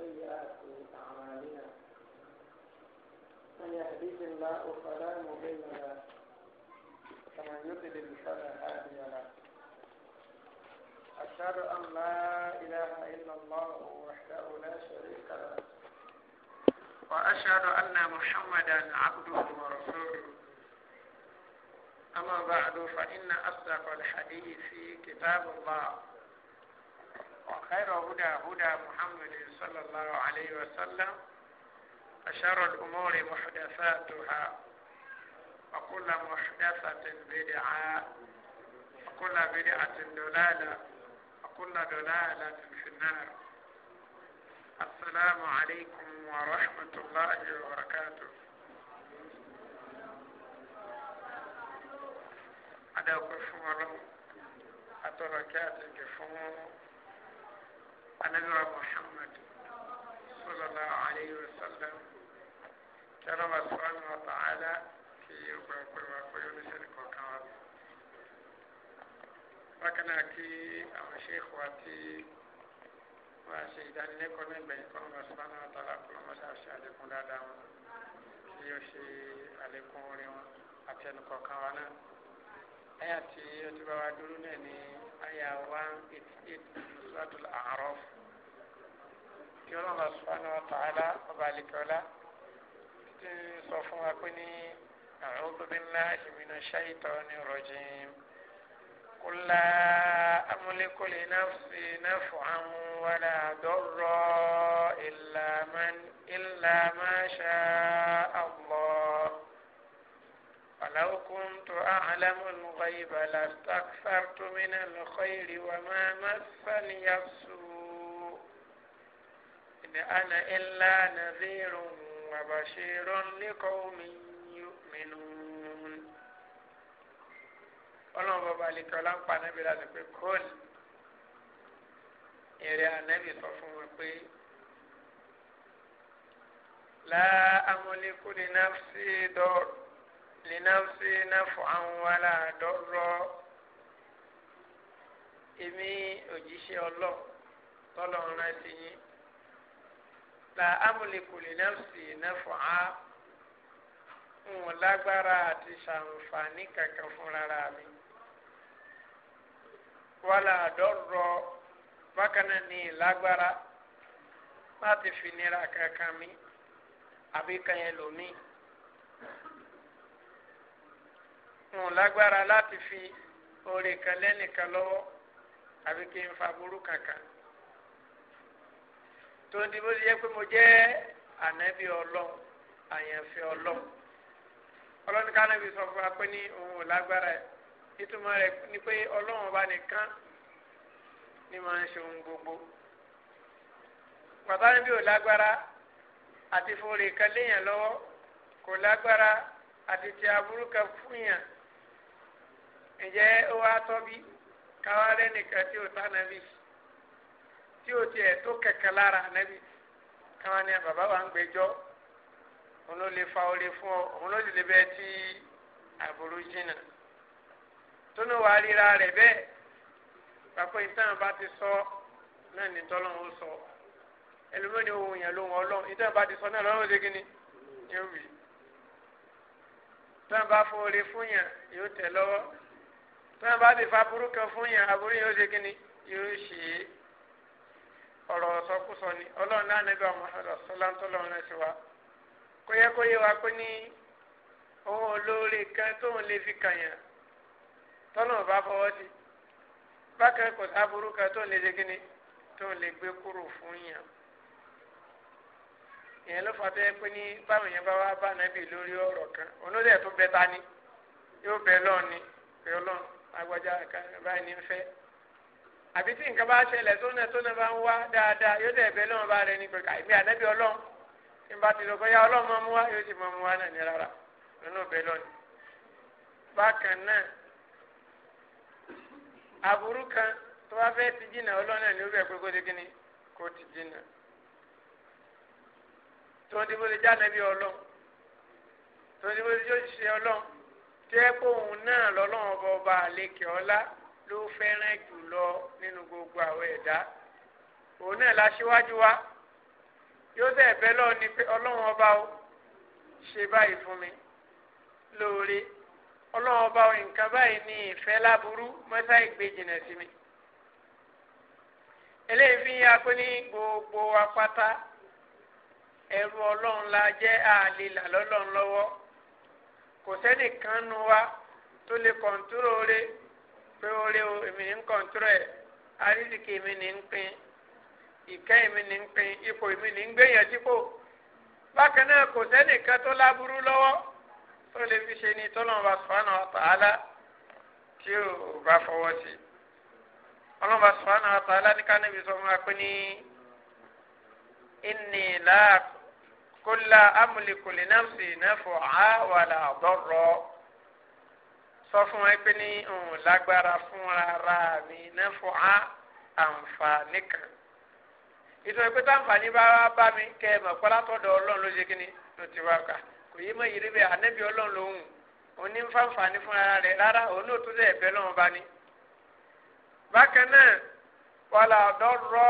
وسيئات أعمالنا من يهديه الله فلا مضل له ومن يضلل فلا هادي له أشهد أن لا إله إلا الله وحده لا شريك له وأشهد أن محمدا عبده ورسوله أما بعد فإن أصدق الحديث كتاب الله وخير هدى هدى محمد صلى الله عليه وسلم وشر الأمور محدثاتها وكل محدثة بدعة وكل بدعة دلالة وكل دلالة في النار السلام عليكم ورحمة الله وبركاته أدعوكم الله أتركاتك فمرو anabira محمد صلى الله عليه وسلم kẹlẹ wa sọọni wa ta'ala kí o gbà pé wa pé oníṣẹ́ni kọ̀ọ̀kan wa bẹ̀. bákan náà kí àwọn sheikh wa ti wá ṣe ìdánilẹ́kọ̀ọ́ náà gbẹ̀yìn kọ́nà wa sọọni wa ta'ala kó lọ́mọ ṣàṣẹ àlékún dáadáa wọn kí o ṣe àlékún orin wọn àti ẹnì kọ̀ọ̀kan náà. ẹ̀yà tí o wa dúró náà ní àyà one eighty eight suratul A'raf kí ọlọ́run subhanahu wa ta'ala ọba àlekọ́lá ti sọ fún wa pé ní a'udhu billahi minash shaitanir rajim qul la amliku li nafsi naf'an wala darra illa man Allah. ولو كنت أعلم الغيب لاستكثرت من الخير وما مسني السوء إن أنا إلا نذير وبشير لقوم يؤمنون ọlọ́run bàbá àlekè ọlọ́npàá anábì láti pé kóòlì èrè anábì sọ fún wọn pé la amúlikú ni náà sí dọ́ọ̀rù linafsi naf'an wala darra èmi òjíṣẹ́ ọlọ́ tọ́lọ́run rántí yín la amliku linafsi naf'an ń lágbára àti ṣàǹfààní kankan fúnra mi wala darra bákan náà ní ìlágbára láti fi nira kankan mi àbí kan ẹlòmíì. n ò lágbára láti fi oore kan lẹ́nìkan lọ́wọ́ àbí kí n fa burú kankan tó ń di bó ti yẹ pé mo jẹ́ ànábì ọlọ́run àyànfẹ́ ọlọ́run ọlọ́run ká náà fi sọ fún wa pé ní òun ò lágbára ẹ̀ ìtumọ̀ rẹ̀ ni pé ọlọ́run ọba nìkan ni máa ń ṣe ohun gbogbo pàtàkì bí ò lágbára àti forí kan léèyàn lọ́wọ́ kò lágbára àti ti aburú kan fún yàn ǹjẹ́ ó wá tọ́ bí káwá lẹ́nìkan tí ó tá nàbì tí ó tiẹ̀ tó kẹ̀kẹ́ lára nàbì káwá ní bàbá wa ń gbẹjọ́ òun ló lè fa olè fún ọ òun ló lè bẹ́ẹ̀ tí àbúrú jìnnà tónú wàá ríra rẹ̀ bẹ́ẹ̀ pàpọ̀ ìtàn bá ti sọ náà ní tọ́lọ́hún sọ ẹlòmíràn ni òun yẹn lóhun ọlọ́run ìtàn bá ti sọ náà lọ́rùn ṣe kí ni yóò wí tán bá fún oore fún yàn yóò tẹ̀ lọ́wọ́ tí wọn bá ti fa burú kan fún yàn aburú yẹn ó ṣe kíni yóò ṣe é ọ̀rọ̀ sọkúsọ ni ọlọ́run náà níbi àwọn ọ̀rọ̀ sọláńtọ́lọ́run náà ṣe wá kó yẹ kó yẹ wá pé ní ohun olóore kan tóun lè fi kàyàn tọ́lọ́run bá fọwọ́ sí bákan kò sáburú kan tóun lè ṣe kíni tóun lè gbé kúrò fún yàn ìyẹn ló fàtọ́ yẹ pé ní báwọn yẹn bá wá bá nàbì lórí ọ̀rọ̀ kan òun tó bẹ ta ni yóò bẹ lọ́ọ̀ ni pé ọlọ́run agbájá báyìí ní fẹ́ àbí tí nǹkan bá ṣẹlẹ̀ sónà sónà bá ń wá dáadáa yóò dẹ̀ bẹ́ẹ̀ lọ́wọ́ bá rẹ ní pẹ̀lú àìmí ànábì ọlọ́run tí n bá ti lọ bóyá ọlọ́run máa mú wá yóò sì máa mú wá náà ní rárá lọ́nà bẹ́ẹ̀ lọ́ni. bákan náà aburú kan tó bá fẹ́ ti jìnnà ọlọ́run náà ní ó bẹ̀ pé kó ti kíni kó ti jìnnà. tó ń dìbò lè já ànábì ọlọ́run tó ń dìbò lè jó tẹ́ pé òun náà lọ́lọ́run bọba àlékè ọlá ló fẹ́ràn jùlọ nínú gbogbo àwọn ẹ̀dá òun náà láṣíwájú wa yóò dẹ̀ bẹ́ lọ́ọ́ ni pé ọlọ́run ọba o ṣe báyìí fún mi lóore ọlọ́run ọba o nǹkan báyìí ní ìfẹ́ láburú mọ́tà ìgbé jìnà sí mi eléyìí fi ya pé ní gbogbo apáta ẹrù ọlọ́run la jẹ́ àlè là lọ́lọ́run lọ́wọ́ kò sẹ́nìkan nu wa tó lè kọ̀ǹtúrò rẹ̀ pé orí èmi ní kọ̀ǹtúrò ẹ̀ àrísìkì èmi ní pín ìkẹ́ èmi ní pín ipò èmi ní gbéyàn sípò bákan náà kò sẹ́nìkan tó láburú lọ́wọ́ tó lè fi ṣe ni tọ́lọ́mọba sùfàánà ọ̀tàlá tí ò bá fọwọ́ sí ọlọ́mọba sùfàánà ọ̀tàlá ní ká níbi sọ fún ní ìnìlá كل أملك لنفسي نفعا ولا ضرا sọ fún ẹ pé ní òun lágbára fún ara mi naf'a àǹfààní kan ìtumọ̀ ìpè tá àǹfààní bá bá mi kẹ́ ẹ mọ̀ pé látọ̀dọ̀ ọlọ́run ló ṣe kí ni ló ti wá kà kò yí mọ̀ yìí rí bẹ́ẹ̀ ànẹ́bí ọlọ́run lòun òní ń fàǹfààní ara rẹ̀ rárá òun náà tún lẹ̀ bẹ́ lọ́wọ́ bá ní. bákan náà wàhálà ọ̀dọ́ rọ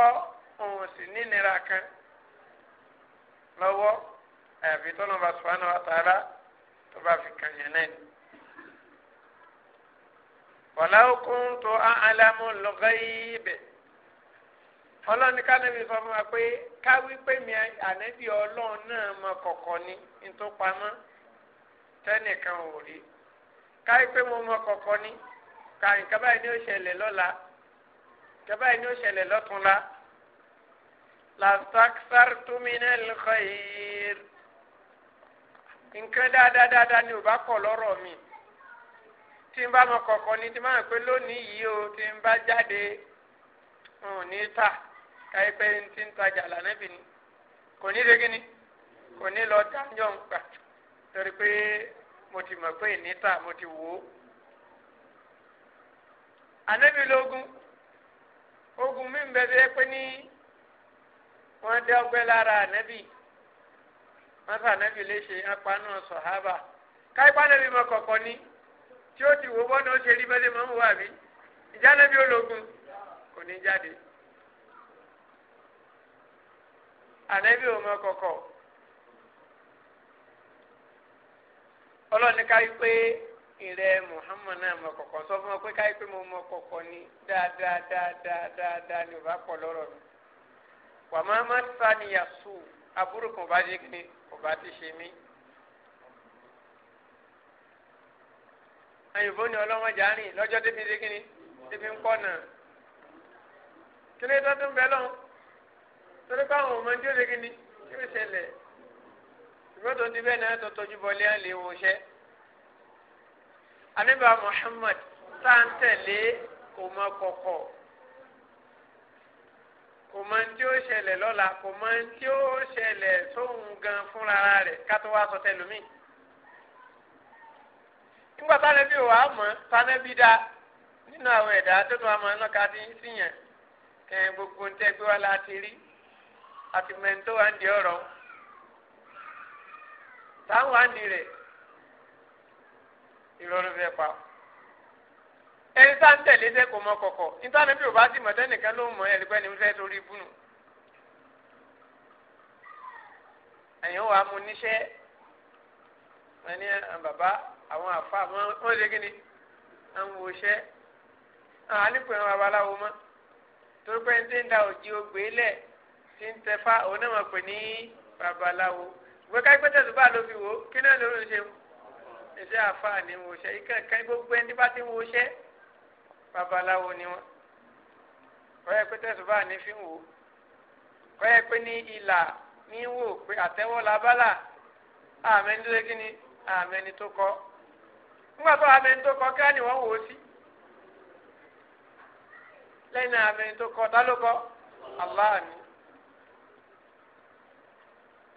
sì ní ìnira kan lọ́wọ́ àyàfi tọ́nà bá sùpánà wà tààlà tó bá fi kàn yẹn náà ni. wàláwó kún tó alámú lọ́gáyébẹ̀ ọlọ́ni kánẹ́bí sọ fún wa pé káwí pé mi ànẹ́bí ọlọ́run náà mọ kọ̀kọ̀ ni ní tó pamọ́ tẹ́nìkan ò rí káyí pé mo mọ kọ̀kọ̀ ni kàyìn kábàáyé ni ó ṣẹlẹ̀ lọ́la kábàáyé ni ó ṣẹlẹ̀ lọ́túnla lastaksartu minal khair nǹkan dáadáa dáadáa ni ò bá kọ̀ lọ́rọ̀ mi tí n bá mọ kọ̀ọ̀kan ni tí n bá mọ̀ pé lónìí yìí o tí n bá jáde n ò ní ta káyé pé n ti ń tajà lànàbì ni kò ní de gíní kò ní lọ dáńjọ́ ń gbà torí pé mo ti mọ̀ pé ní ta mo ti wò ó. ànábì lógún ogun mi ń bẹ bí ẹ pé ní. wọn dé ọgbẹ́ lára akpa wọ́n fà ànẹ́bì léṣe apánú sọ̀hábà káyipá ànẹ́bì mọ kọ̀kọ́ ni tí ó ti wò bọ́nà ó ṣe rí bẹ́lẹ̀ mọ́ wà bí ìjà ànẹ́bì ológun kò ní jáde. ànẹ́bì ò mọ kọkọ ọlọ́ni sọ fún ọ pé káyipé mo mọ ni dáadáa dáadáa dáadáa ni wàmọ́ má sàníyà sù aburú kan bá dé kí kò bá ti ṣe mí. àyìnbó ni ọlọ́mọdé àárín lọ́jọ́ débi dé kí ni débi ń kọ́ náà. kí tó ń bẹ lọ́hùn torí káwọn ọmọ ní òde kí ni kí ló ṣẹlẹ̀ ìgbà tó ti bẹ́ẹ̀ náà tó tọ́jú bọ́lé à ń lè wọṣẹ́. àníbà Muhammad sáà ń tẹ̀lé kò mọ kọ̀kọ̀ kò mọ ní tí ó ṣẹlẹ̀ lọ́la kò mọ ní tí ó ṣẹlẹ̀ sóhun gan fúnra rẹ̀ kátó wá sọ tẹlumi. nígbà tánẹ́bí ò wá mọ̀ tánẹ́bí dá nínú àwọn ẹ̀dá tó tún àmọ́ náà ká ti ń sìyàn kẹ́hìn gbogbo ń tẹ́ gbé wá láti rí àti mẹ́ńtó wá ń di ọ̀rọ̀ táwọn á ní ìrọ̀rùn fẹ́ pa ọ́ ẹni tá ń tẹ̀lé sẹ́ kò mọ kọ̀kọ̀ nítorí bí o bá ti mọ̀ tẹ́nìkan ló mọ̀ ẹ̀rí pẹ́ni fẹ́ torí ibùnú. ẹ̀yin wa mu níṣẹ́ wọn ní ah, bàbá àwọn àfa wọn lé gíní àwọn òṣẹ́ àwọn àníkùn ẹ̀rọ babaláwo mọ́ torí pé ní da òjì ogbè lẹ̀ tí ń tẹ́fà òun náà mọ̀ pé ní babaláwo ìwé ká gbẹ́tẹ̀ bá ló fi wò ó kí náà ló ń ṣe iṣẹ́ àfa ni wòṣẹ́ ikán kan gbogbo ẹni bá ti ń wòṣẹ́ babaláwo ni wọ́n kọ́yẹ́ pé tẹ̀sùbá ní fi wò kọ́yẹ́ pé ní ìlà ní wò pé àtẹ́wọ́ labálà àmẹ́ni tó kí ni àmẹ́ni tó kọ́ nígbà tó àmẹ́ni tó kọ́ kí á ní wọ́n wò ó sí lẹ́yìn náà àmẹ́ni tó kọ́ tá ló kọ́ Allah ni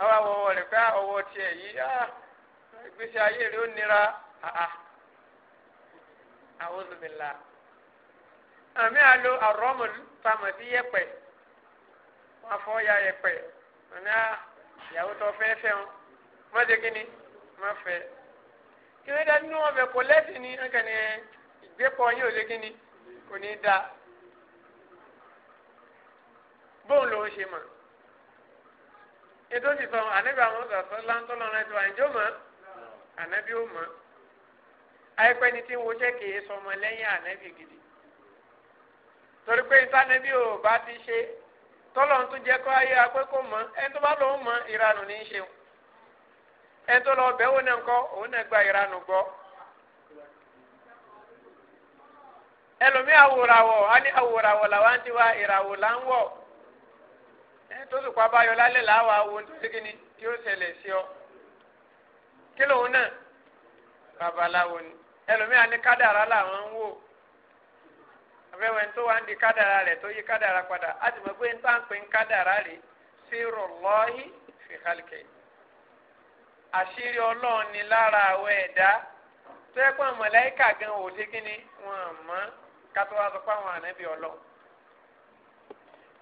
àwa wọ ọwọ́ rẹ̀ pé ah, ọwọ́ tiẹ̀ yìí ah, ìgbésí ayé rẹ̀ ó nira àhà àwọn olùmìlà àmì àlò àrọ́mọ̀lù pamọ̀ sí yẹpẹ̀ wọn fọ́ ya yẹpẹ̀ àmì ìyàwó tó fẹ́ fẹ́ wọn wọ́n ṣe kí ni wọ́n fẹ́ kí wọ́n dá nínú ọbẹ̀ kò lẹ́sìn ní ẹ̀kẹ́ni ìgbépọ̀ yóò ṣe kí ni kò ní í da bóun lòún ṣe mọ̀ ètò ìsọ ànábì àwọn sọ̀sọ́ láńtọ́lọ́run ẹ̀tọ́ àìjọ́ mọ̀ ànábì ó mọ̀ àìpẹ́ ni tí ń wo ṣẹ́kẹ̀ẹ́ sọmọ lẹ́yìn ànábì gidi torí pé ìtànẹ́bí ò bá ti ṣe tọ́lọ́run tó jẹ́ kọ́ ayé apẹ́ kò mọ̀ ẹni tó bá lòun mọ̀ ìranù ní í ṣeun ẹni tó lọ bẹ́ẹ̀ òun náà kọ́ òun náà gba ìranù gbọ́. ẹlòmíì àwòràwọ̀ á ní àwòràwọ̀ làwọn ti wá ìràwọ̀ là ń wọ̀ ẹni tó sùpá báyọ̀ lálẹ́ làwọn awo tó ṣe kíni tí ó ṣẹlẹ̀ sí ọ. kí lòun náà babaláwo ni ẹlòmíì á ní kádàrá làwọn ń wò afẹ́wẹ́ tó wá ń di kádàrà rẹ̀ tó yí kádàrà padà á ti mọ̀ pé ń tàn pé ń kádàrà rẹ̀ sí rọlọ́ọ̀hì fi hàlùkẹ́. àṣírí ọlọ́run ni lára àwọn ẹ̀dá tó yẹ pé mọ̀láìkà gan ò sí kínní wọn mọ̀ kátó wá sọ pé àwọn ànábì ọlọ́run.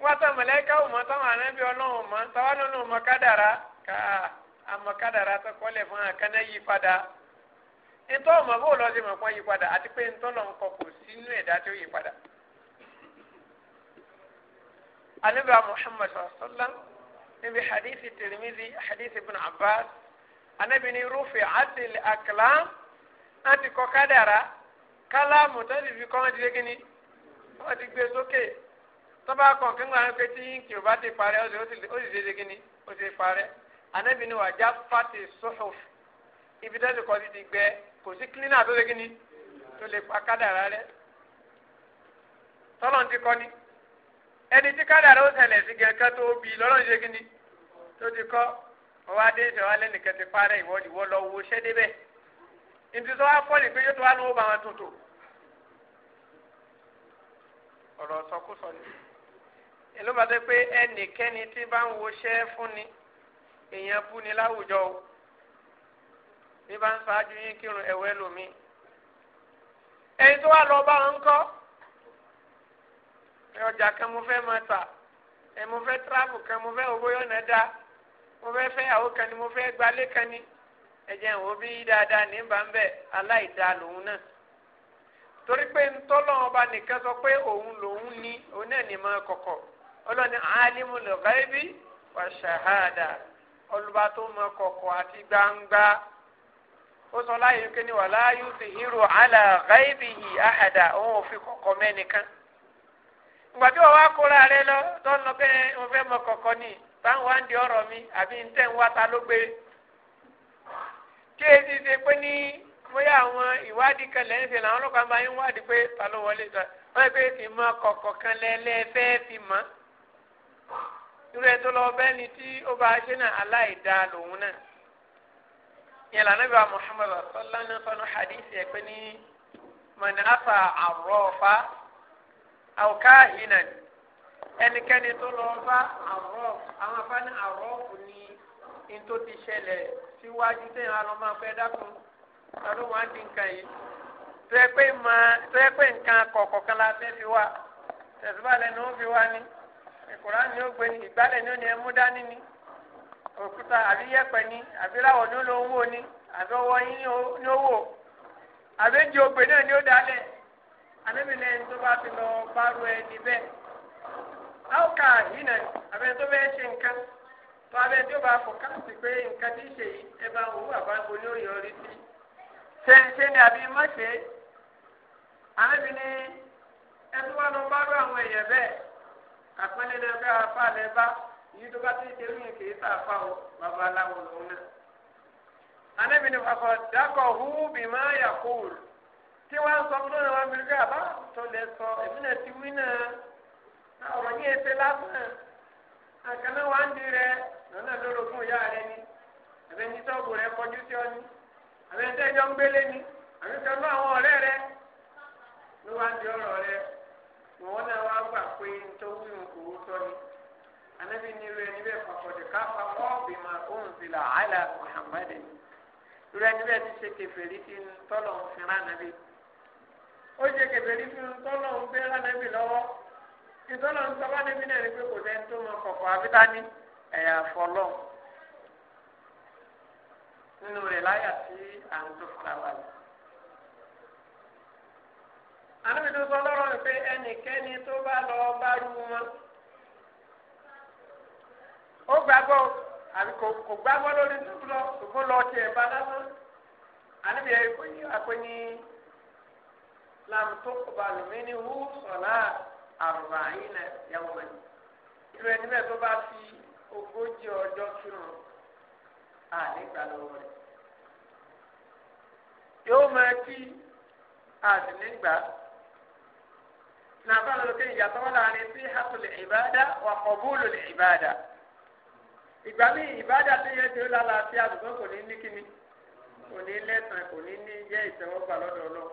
wọ́n tán mọ̀láìkà ò mọ̀ táwọn ànábì ọlọ́run mọ̀ táwọn náà mọ̀ kádàrà ká àmọ̀ kádàrà tó kọ́lẹ̀ fún àkànná yí padà ìtọ́ ọmọ bó lọ sí mọ̀pọ́n yí padà àti pé ntọ́lọ̀ ń kọ kò sínú ẹ̀dá tí ó yí padà. Ànábì Muhammad sallam níbi hadithi Tirmidhi hadithi Ibn Abbas Ànábì ní rufi atil akalam láti kọ kádàrá kálámù tó ti fi kọ́ wọn ti dégé ni wọ́n ti gbé sókè tọ́ba kan kí n gbà pé tí kì ó bá ti parẹ́ ó sì dé dégé ó ti parẹ́ Ànábì ní wàjá fati suhuf ibi tẹ́sí kọ́ ti ti gbẹ kò sí kílínà tó lé kíní tó lè pa kádàrá rẹ tọ́lọ̀ ti kọ́ ni ẹni tí kádàrá ó ṣẹlẹ̀ sí gẹ̀ẹ́kẹ́ tó bí lọ́lọ́ ṣe kíní tó ti kọ́ ọwọ́ adé ìṣẹ̀wá lẹ́nìkan ti parẹ́ ìwọ ìwọ lọ wo ṣẹ́ débẹ̀ ìdí tó wá pọ̀ ní pé yóò tó wá lówó bá wọn tuntun ọ̀rọ̀ sọkúsọ ni ìlú bàtẹ́ pé ẹnikẹ́ni tí bá ń woṣẹ́ fúnni èèyàn bú ni láwùjọ o. bí bá ń ṣáájú yín kírun ẹ̀wẹ́ lomi ẹni tó wà lọ bá wọn kọ́ ọjà kan mo fẹ́ máa tà ẹ mo fẹ́ tíráàbù kan mo fẹ́ owó yọ̀nà dá mo fẹ́ fẹ́yàwó kan ni mo fẹ́ gbalé kan ni ẹ̀jẹ̀ bí dáadáa ní bá ń torí pé ọba sọ pé òun lòun òun náà ní máa kọ̀kọ̀ ọlọ́ni shahada tó kọ̀kọ̀ gbangba. ó sọ láyé wípé ní wàhálà yóò fi hírò àlà gáìbìhì àhàdà òun ò fi mẹ́nìkan. ìgbà tí wọ́n wá kóra rẹ lọ tó ń lọ mo fẹ́ mọ ni wá ń di ọ̀rọ̀ mi àbí ń tẹ̀ ń wá ta ló gbé. ṣe pé ní àwọn ìwádìí kan lẹ́yìn fi làwọn máa ń wádìí pé fi mọ lẹ́lẹ́ fẹ́ fi mọ́. irú ẹ̀ tó lọ bẹ́ẹ̀ ni tí ó yẹn lànà bí wa muhammadu sọlánà sọnù hadith yẹ pé ní mọ̀nàfà àrọ́ọ̀fà àwòkáhìnàn ẹnikẹ́ni tó lọ bá àrọ́ọ̀fù àwọn afáàní àrọ́ọ̀fù ni ntó ti ṣẹlẹ̀ síwájú téèyàn á máa fẹ́ dákun lọ́dún wá di nǹkan yìí tẹ́ pé nǹkan kọ̀ọ̀kọ̀ kan la fẹ́ fi wá tẹ̀síwá fi wa ni ìkùrá ni ó gbé ni ó ní ni. òkúta àbí yẹ̀pẹ̀ ni àbí láwọn ló ń wò ni àbí ọwọ́ yín ní ó wò àbí èjì ògbè náà ni ó dalẹ̀ anábìlẹ̀ tó bá fi lọ bá ru bẹ́ẹ̀ áwùká yìí náà àbẹ tó bẹ́ẹ̀ ṣe nǹkan tó abẹ tí ó bá fọkà pé nǹkan tí ṣe yìí ẹ bá yìí tó bá ti ṣe mí kì í sàfà o babaláwo lòun náà. Ànábì ni fàfọ̀ dákọ̀ hu bì má yà kóòlù. Tí wọ́n á sọ fún ọ̀nà wa mìíràn àbá tó lè sọ èmi náà ti wí náà. Ọ̀rọ̀ yìí ṣe lásán. Àkànná wa ń di rẹ lọ́nà lórogún ìyá rẹ ni. Àbẹ̀ ní sọ́ọ̀bù rẹ kọjú sí ọ ni. Àbẹ̀ ní sẹ́jọ́ ń gbélé ni. Àbí kanú àwọn ọ̀rẹ́ rẹ. Ló wá di ọ̀rọ̀ rẹ. Wọ́n náà wá gbà pé nítorí òun kò wú sọ ni anabi ní irú ẹni bẹ́ẹ̀ pàkọ́dé káfà wọ́n bí ma òun sì là àlà muhammadu irú ẹni bẹ́ẹ̀ ti ṣe kẹfẹ́rí tí ń tọ́lọ̀ ń fi rán anabi ó ṣe kẹfẹ́rí tí ń tọ́lọ̀ ń fẹ́ rán anabi lọ́wọ́ ìtọ́lọ̀ ń sọ́wọ́ anabi náà ni pé kò sẹ́ni tó mọ kọ̀kọ́ abítání ẹ̀yà fọlọ́ nínú rẹ̀ láyà sí à ń anabi tó sọ lọ́rọ̀ pé ẹnikẹ́ni tó bá lọ bá rú wọn. ó gbàgbọ́ àbí kò gbàgbọ́ lórí tó lọ ṣùgbọ́n lọ bá lásán àníbi àkóyí àkóyí làmùtò balùmínì hù sọ̀lá àrùbá yìí nà yàwó mẹ́ni. irú ẹni bẹ́ẹ̀ tó bá fi ogójì ọjọ́ kírun ànígbà lọ́wọ́ rẹ̀. yóò máa kí àdínígbà nàbàlùkẹ́ ìyàtọ̀ wọn láàrin sí hàtùlẹ̀ ìbáadá wà kọ̀bùlù lẹ̀ ìbáadá. ìgbà míì ìbádà tó yẹ tí ó lálàáfíà ṣùgbọ́n kò ní ní kíni kò ní lẹ́sàn kò ní ní jẹ́ ìtẹ́wọ́gbà lọ́dọ̀ lọ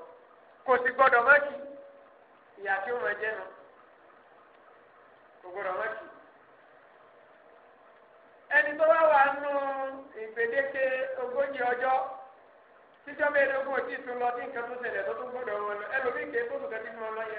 kò sì gbọ́dọ̀ má kì ìyá tí ó máa jẹ́ nu kò gbọ́dọ̀ má kì ẹni tó wá wà nù ìgbèdéke ogójì ọjọ́ títọ́ mẹ́ẹ̀ẹ́dógún òtítù lọ sí nǹkan tó ṣẹlẹ̀ tó tún gbọ́dọ̀ wọn lọ ẹlòmíì kéé tó tún fún ọ lọ yẹ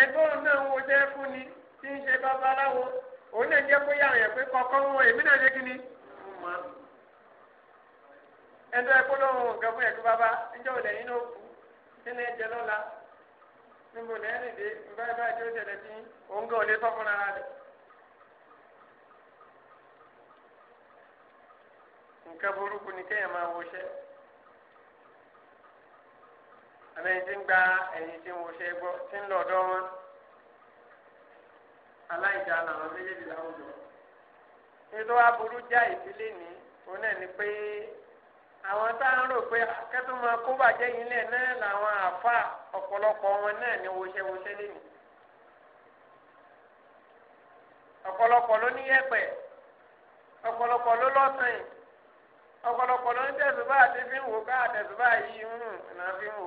ẹgbẹ́ òun náà wo jẹ́ fún ni tí ń ṣe babaláwo òun náà jẹ́ bóyá àwọn ẹ̀pẹ́ kọkọ wọn èmi náà ṣe kí ni. ẹjọ́ ẹ̀kọ́ lọ́wọ́ nǹkan fún ẹ̀kọ́ bàbá ẹjọ́ òun lẹ́yìn náà kú sínú níbo nígbà àmẹ́yìn tí ń gba ẹ̀yìn tí ń wọṣẹ́ gbọ́ tí ń lọ́dọ́ wọn aláìjà làwọn méjèèjì láwùjọ. ètò aburú já ìdílé ní òun náà ni pé àwọn tá à ń rò pé akẹ́tọ́ máa kó bàjẹ́ yìí lẹ̀ náà làwọn àfa ọ̀pọ̀lọpọ̀ wọn náà ní wọṣẹ́wọṣẹ́ lẹ́nu. ọ̀pọ̀lọpọ̀ ló ní yẹ̀pẹ̀ ọ̀pọ̀lọpọ̀ ló lọ́sàn yìí ọ̀pọ̀lọpọ̀ ló ń tẹ̀sùbá àti fi ń wò ká àtẹ̀sùbá yìí ń rùn náà ń wò.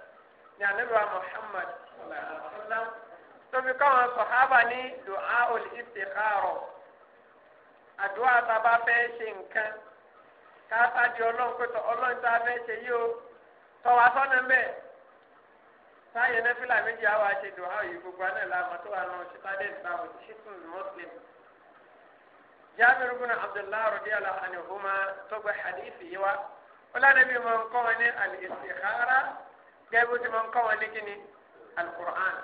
ní anábìwá Muhammad sallam tóbi káwọn sọ̀hábà ní dùhà olùsìkárọ̀ àdúrà sábà fẹ́ ṣe nǹkan káàtà di ọlọ́run pé ọlọ́run tá a fẹ́ ṣe yìí o tọ́wọ́ asọ́nà mẹ́ sáyẹ nẹ́fílà méjì àwọn àṣẹ dùhà yìí gbogbo àná làwọn tó wà náà ṣípàdé ìsìlámù ṣíkùn mọ́sílẹ̀mù. جابر بن عبد الله رضي الله عنهما تبع حديثي ولا نبي من قوني الاستخارة gẹ́gẹ́ bó ti máa ń kọ́ wọn ní kíni alukur'an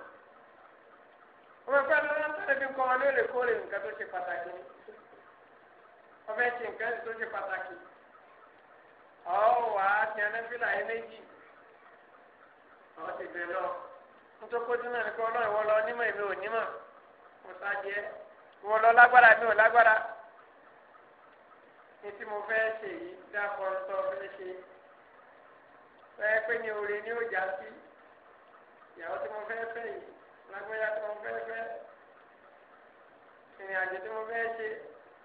wọ́n fẹ́ lọ́wọ́ sọ́dọ̀ bí kọ́ wọn lóòrèkóòrè nǹkan tó ṣe pàtàkì ni wọ́n fẹ́ ṣe nǹkan tó ṣe pàtàkì ọ̀ wá ti ẹnẹ́fìlà yẹn méjì ọ̀ ti bẹ̀ lọ ntokoti náà nìkan ọlọ́run ìwọ lọ onímọ̀ èmi ò nímọ̀ mo sáájẹ́ ìwọ lọ lágbára èmi ò lágbára ní tí mo fẹ́ ṣe yìí dákọ̀ fẹ́ẹ́ pé ní orin ní òjà sí ìyàwó tí mo fẹ́ fẹ́ yìí lágbóyà tí mo fẹ́ ìrìn àjò tí mo ṣe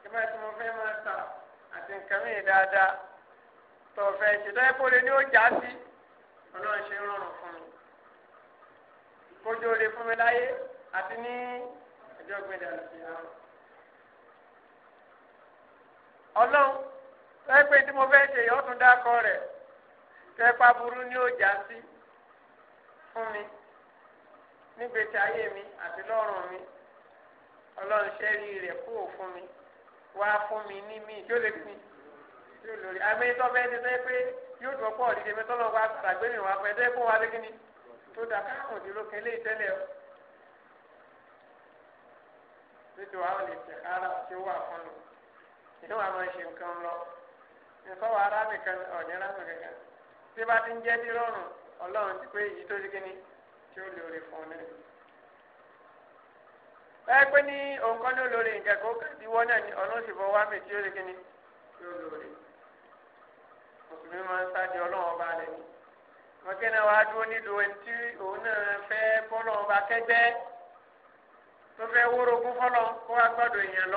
ìgbà tí mo fẹ́ máa àti nǹkan dáadáa tó ṣe ní sí ọlọ́run ṣe rọrùn fún tẹ́pá burú ni ó já sí fún mi nígbèsè ayé mi àti lọ́rùn mi ọlọ́run ṣẹ́rí rẹ̀ kú ò fún mi wá fún mi ní mí yóò lè pin yóò lórí àmì ìtọ́fẹ́ ti sẹ́ pé yóò dùn pọ̀ òdìdí mi tọ́lọ́ wa àgbẹ̀ tẹ́ fún wa lẹ́gìnì tó dà káàkùn dúró kẹ́ lé tẹ́lẹ̀ o. títí wàá lè tẹ̀ ara tí ó wà fún mi ìdí wàá máa ṣe nǹkan lọ nǹkan wàá rámì kan ọ̀dẹ́ tí bá ti ń jẹ́ nírọ̀rùn ọlọ́run ti pé èyí tó ṣe kíni tí ó lóore fún ọ báyìí pé ní òun ní nǹkan kó kàdí wọ́n náà ni ọlọ́run wá mi tí ó ṣe kíni tí ó mùsùlùmí máa ń ọlọ́run ọba rẹ̀ ni. ọba tó fẹ́ fọ́lọ́ kó wá gbọ́dọ̀ èèyàn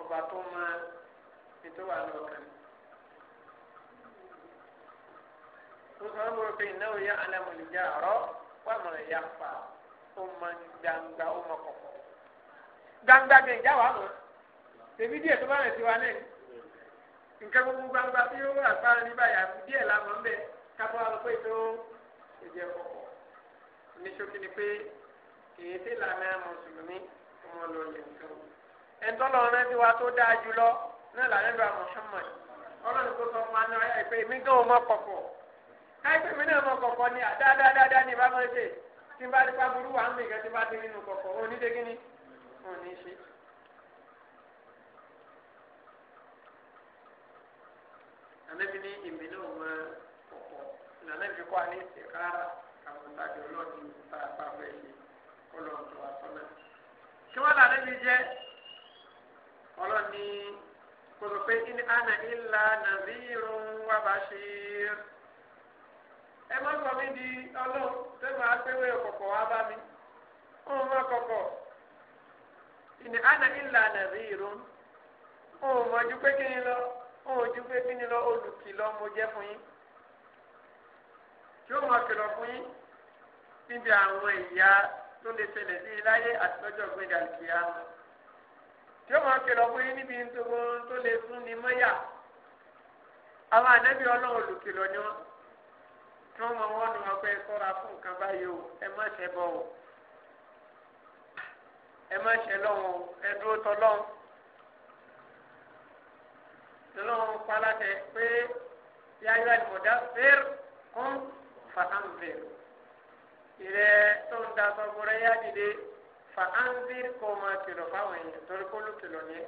ọba tó máa ètò wà ní ọkàn. Sọ́sọ́n bó pe iná òye alámọ̀lẹ́jà àárọ̀ wà mọ̀ ẹ̀yà pa ó máa ń gbangba ó máa kọ̀kọ̀. Gbangba gbẹ̀ ń já wà mọ̀. Èmi díẹ̀ tó bá rẹ̀ sí wa náà. Nǹkan gbogbo gbangba tí ó wà fáwọn ní báyà díẹ̀ la ń bẹ̀ kápẹ́ wa tó ìjẹ́ kọ̀kọ̀. Ní ṣókí ni pé èyí tí lànà mùsùlùmí ọmọ lọ nǹkan wò ẹ̀ńtọ́lọ̀ ọ̀rẹ́ ti wa tó dáa jùlọ náà làwọn ẹ̀rọ Muhammad ọlọ́run kò sọ fún wa náà ẹ̀ pé èmi gan ò mọ kọ̀kọ̀ káyipẹ́ mi náà mọ kọ̀kọ̀ ni àdáadáadáa ni ìbámu ṣe tí n bá ti pa burú wa ń bì kẹ́ tí n bá ti rí nu kọ̀kọ̀ onídégíní òní ṣe. anabi ni ìmìnà ọmọ ọkọ nanabi kọ alẹ ti rárá àbùntàdé ọlọ́ọ̀dì tá a bá wẹ̀ yìí kọlọ̀ ọlọ́ni kò sọ pé in ana illa nazirun wa é ẹ má sọ mí di ọlọ́run tẹ́ máa gbéwé ọ̀kọ̀kọ̀ wá bá mi òun má kọ̀kọ̀ in ana illa nazirun òun mọ̀jú pé kí ni lọ òun ju pé kí ni lọ olùkìlọ̀ mo jẹ́ fún yín yóò máa kìlọ̀ fún yín níbi àwọn ìyá tó lè ṣẹlẹ̀ sí i àti lọ́jọ́ ìgbéga ìkìyà wọn tí ó máa kìlọ̀ fún yín níbi tó lè fún ni mọ́yà àwọn ànábì ọlọ́run olùkìlọ̀ ni wọ́n tí wọ́n máa wọ́n ní wọn pé sọ́ra fún nǹkan báyìí o ẹ má ṣe bọ̀ o ẹ má ṣe lọ́wọ́ o ẹ dúró tọ́ lọ́wọ́ tọ́lọ́wọ́ palatẹ pé yáyọ àlùmọ̀dá fẹ́ẹ́rù kún fàtàǹfẹ̀ẹ́rù ìrẹ́ tó ń da sọ́gbọ́rẹ́ yá dìde fa anzir kó máa kìlọ̀ fáwọn èèyàn torí kó ló kìlọ̀ ní.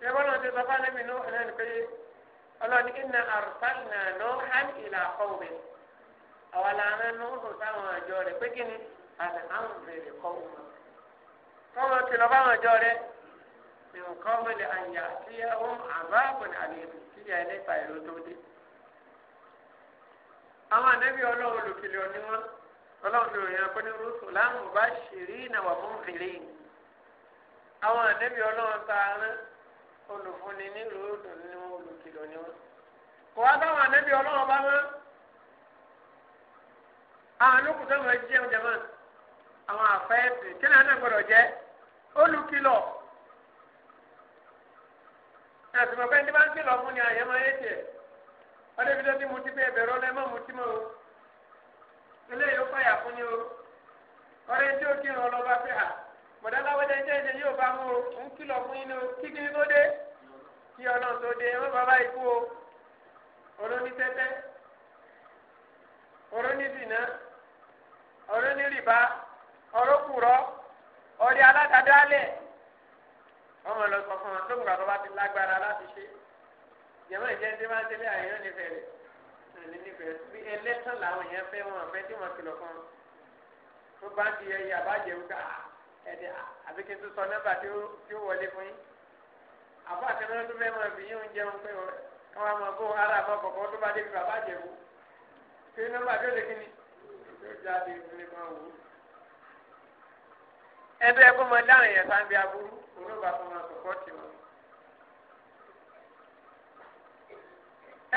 ṣé bọ́lá ti sọ fún anábì náà ẹ̀rọ ni pé ọlọ́ni iná àrùfáàlìnà náà hàn ìlà kọ̀wé àwa làánà nùhùn sáwọn àjọ rẹ̀ pé kí ni àti anzir kọ̀wé. kọ́ máa kìlọ̀ fáwọn àjọ rẹ̀ min qabli an ya'tiyahum 'adhabun 'alim tí ya ilé fa tó dé. àwọn ànábì ọlọ́run ọlọ́run ló yẹ kó ní rúṣù láwọn bá ṣèrí ìnáwó fún fèrè àwọn àdébí ọlọ́run tá a rán olùfúnni ní rúdù ni wọn olùkìlọ̀ ni wọn. kò wá báwọn àdébí ọlọ́run bá wọn àwọn olókùn tó máa jẹun jẹ máa àwọn àfẹ́ẹ̀sì kí ni àná gbọdọ̀ jẹ́ olùkìlọ̀ àtùmọ̀pẹ́ ní bá ni àyẹ̀mọ́ ayé tiẹ̀ ọdẹ fi mutí pé ẹ̀bẹ̀rẹ̀ ọlọ́ọ̀ mutí mọ́ o. eléyìí ó fàyà fún ní o ọ̀rẹ́ tí ó kírun ọlọ́ba fẹ́ hà jẹ́ ẹ̀jẹ̀ yóò bá mú o ń kìlọ̀ fún o kíkiri tó dé kí tó dé wọ́n bàbá ikú o olóní tẹ́tẹ́ rìbá ọmọ fún tó ń ti lágbára láti ṣe ẹni nífẹ̀ẹ́ bí ẹlẹ́tàn làwọn èèyàn fẹ́ wọn fẹ́ tí wọ́n kìlọ̀ fún un tó bá ti yẹ yìí àbájẹ́ wípé ah, ẹ̀dẹ̀ ah, àbí kí n tún sọ nọ́mbà tí ó wọlé fún yín àbá àtẹnudọ́ tó fẹ́ mọ̀ bí yín ń jẹun pé wọn àmọ́ kó ara àbọ̀ kọ̀ọ̀kan tó bá débi bàbá jẹ̀ wò pé nọ́mbà tó lè kí ni tó jáde ìfúnni máa wò ẹbí ẹkún mọ dáhùn yẹn sáńbí aburú olóògbà fún wọn sọ̀kọ́ tì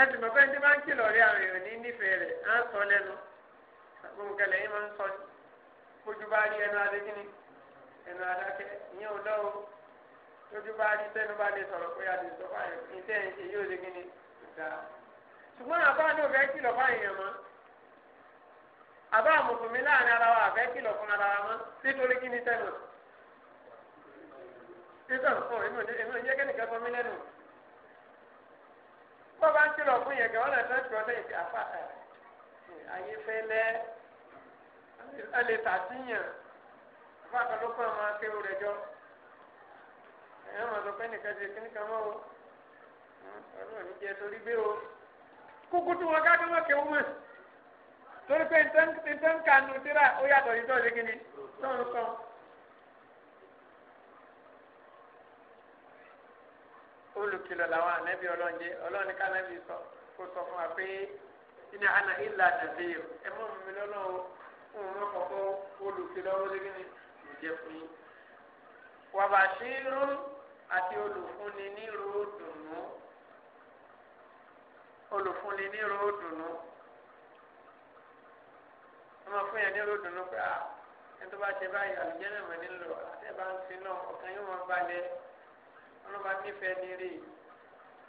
ẹtù mọ̀ pé ẹni tí bá ń kìlọ̀ rí àwọn èèyàn ní nífẹ̀ẹ́ rẹ̀ á ń sọ lẹ́nu gbogbo kẹlẹ̀ yín máa ń sọ ní ojú bá rí ẹnu adékíní ẹnu adákẹ́ ìyẹn ò lọ́wọ́ ojú bá rí sẹ́nu bá lè sọ̀rọ̀ pé adùn sọ fáyọ̀ ní tẹ́ ẹ̀ ń ṣe yóò lé kíní dá ṣùgbọ́n àbá ní òfẹ́ kìlọ̀ fáyọ̀ yẹn mọ́ àbá mùsùlùmí láàrin ara wa àfẹ́ kìlọ̀ fún ara wa mọ́ nítorí kíní sẹ́nu sísọ̀ fún èmi tó bá ń kìlọ̀ fún yẹn gan ọ̀nà tó ti ọ̀nà ìdí afá ayé fẹ́ lẹ́ ẹ lè tàtíyàn afá kan ló kọ́ ẹ̀ máa kéwò rẹ̀ jọ ẹ̀ máa sọ pé nìkan ṣe kí nìkan mọ́ o ọlọ́run ní jẹ́ torí gbé o kúkú tí wọn káàkiri mọ́ kéwò mọ́ torí pé ntẹ́ńkà nù tíra ó yàtọ̀ yìí tó ṣe kí ni tó ń kọ́. olùkìlọ̀ làwọn ànábì ọlọ́njẹ ọlọ́ni kánábì sọ kó sọ fún wa pé ìní àná ìlà nàbẹ́yẹ ẹ mọ̀ mi lọ́nà o fún mi kọ́kọ́ olùkìlọ̀ olórí ni kò jẹ fún yín. wàbà ṣírú àti olùfúnni ní ròdùnú olùfúnni ní ròdùnú wọ́n máa fún yẹn ní ròdùnú pé à ah, ẹni tó bá ṣe báyìí àlùjẹ́ náà mọ̀ nílò àti ẹ̀ bá ń sin náà ọ̀kan yóò máa balẹ̀ ọlọ́ba nífẹ̀ẹ́ ní rí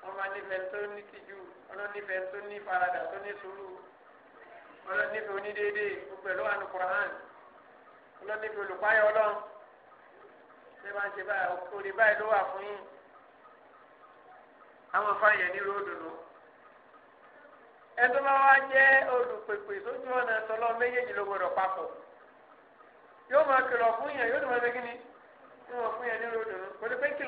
ọlọ́ba nífẹ̀ẹ́ tó ní tìjú ọlọ́ba nífẹ̀ẹ́ tó ní faradà tó ní sùúrù ọlọ́ba nífẹ̀ẹ́ onídéédé gbogbo ẹ̀lọ́wà ní kurahan ọlọ́ba nífẹ̀ẹ́ olùkọ́yọ̀ ọlọ́run ṣé bá ń ṣe báyìí òkúri báyìí ló wà fún yín àwọn fáyẹ̀ ní ròdù nù ẹtọ́ bá wá jẹ́ olùpèpè sójú ọ̀nà tọ́lọ́ méjèèjì ló gbọdọ̀ papọ̀ yóò máa kìlọ̀ fún yẹn yóò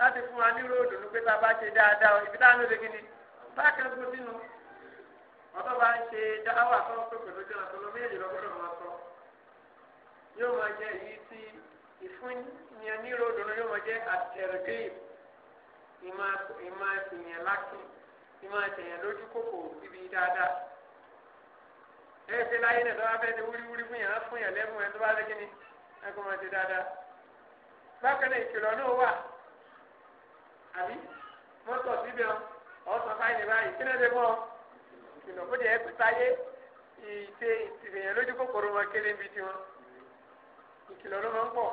láti fún wa nílò òdòdó pé tá a bá ṣe dáadáa ibi tá a ń lò lẹ́gìnì báàkì ọ̀gbọ́n sínú ọ̀tọ́ bá ń ṣe dáhàwà tó ń pẹ̀lú jọ̀nà tó méjì lọ́gbọ́dọ̀ máa sọ yóò máa jẹ èyí tí ìfúnni nílò òdòdó yóò máa jẹ ibi dáadáa ẹ̀ ṣe láyé náà fún yàrá fún yàrá lẹ́mú ẹ̀ tó bá lẹ́gìnì ẹ̀ máa àbí mọ́tò síbẹ̀ ọ̀sán fáìlì báyìí kí náà lè mọ́ ìnáwó jẹ́ ẹ̀kú táyé ìṣe ìṣèyàn lójú kòkòrò wọn kéré ń bi tiwọn ìkìlọ̀ ló máa ń pọ̀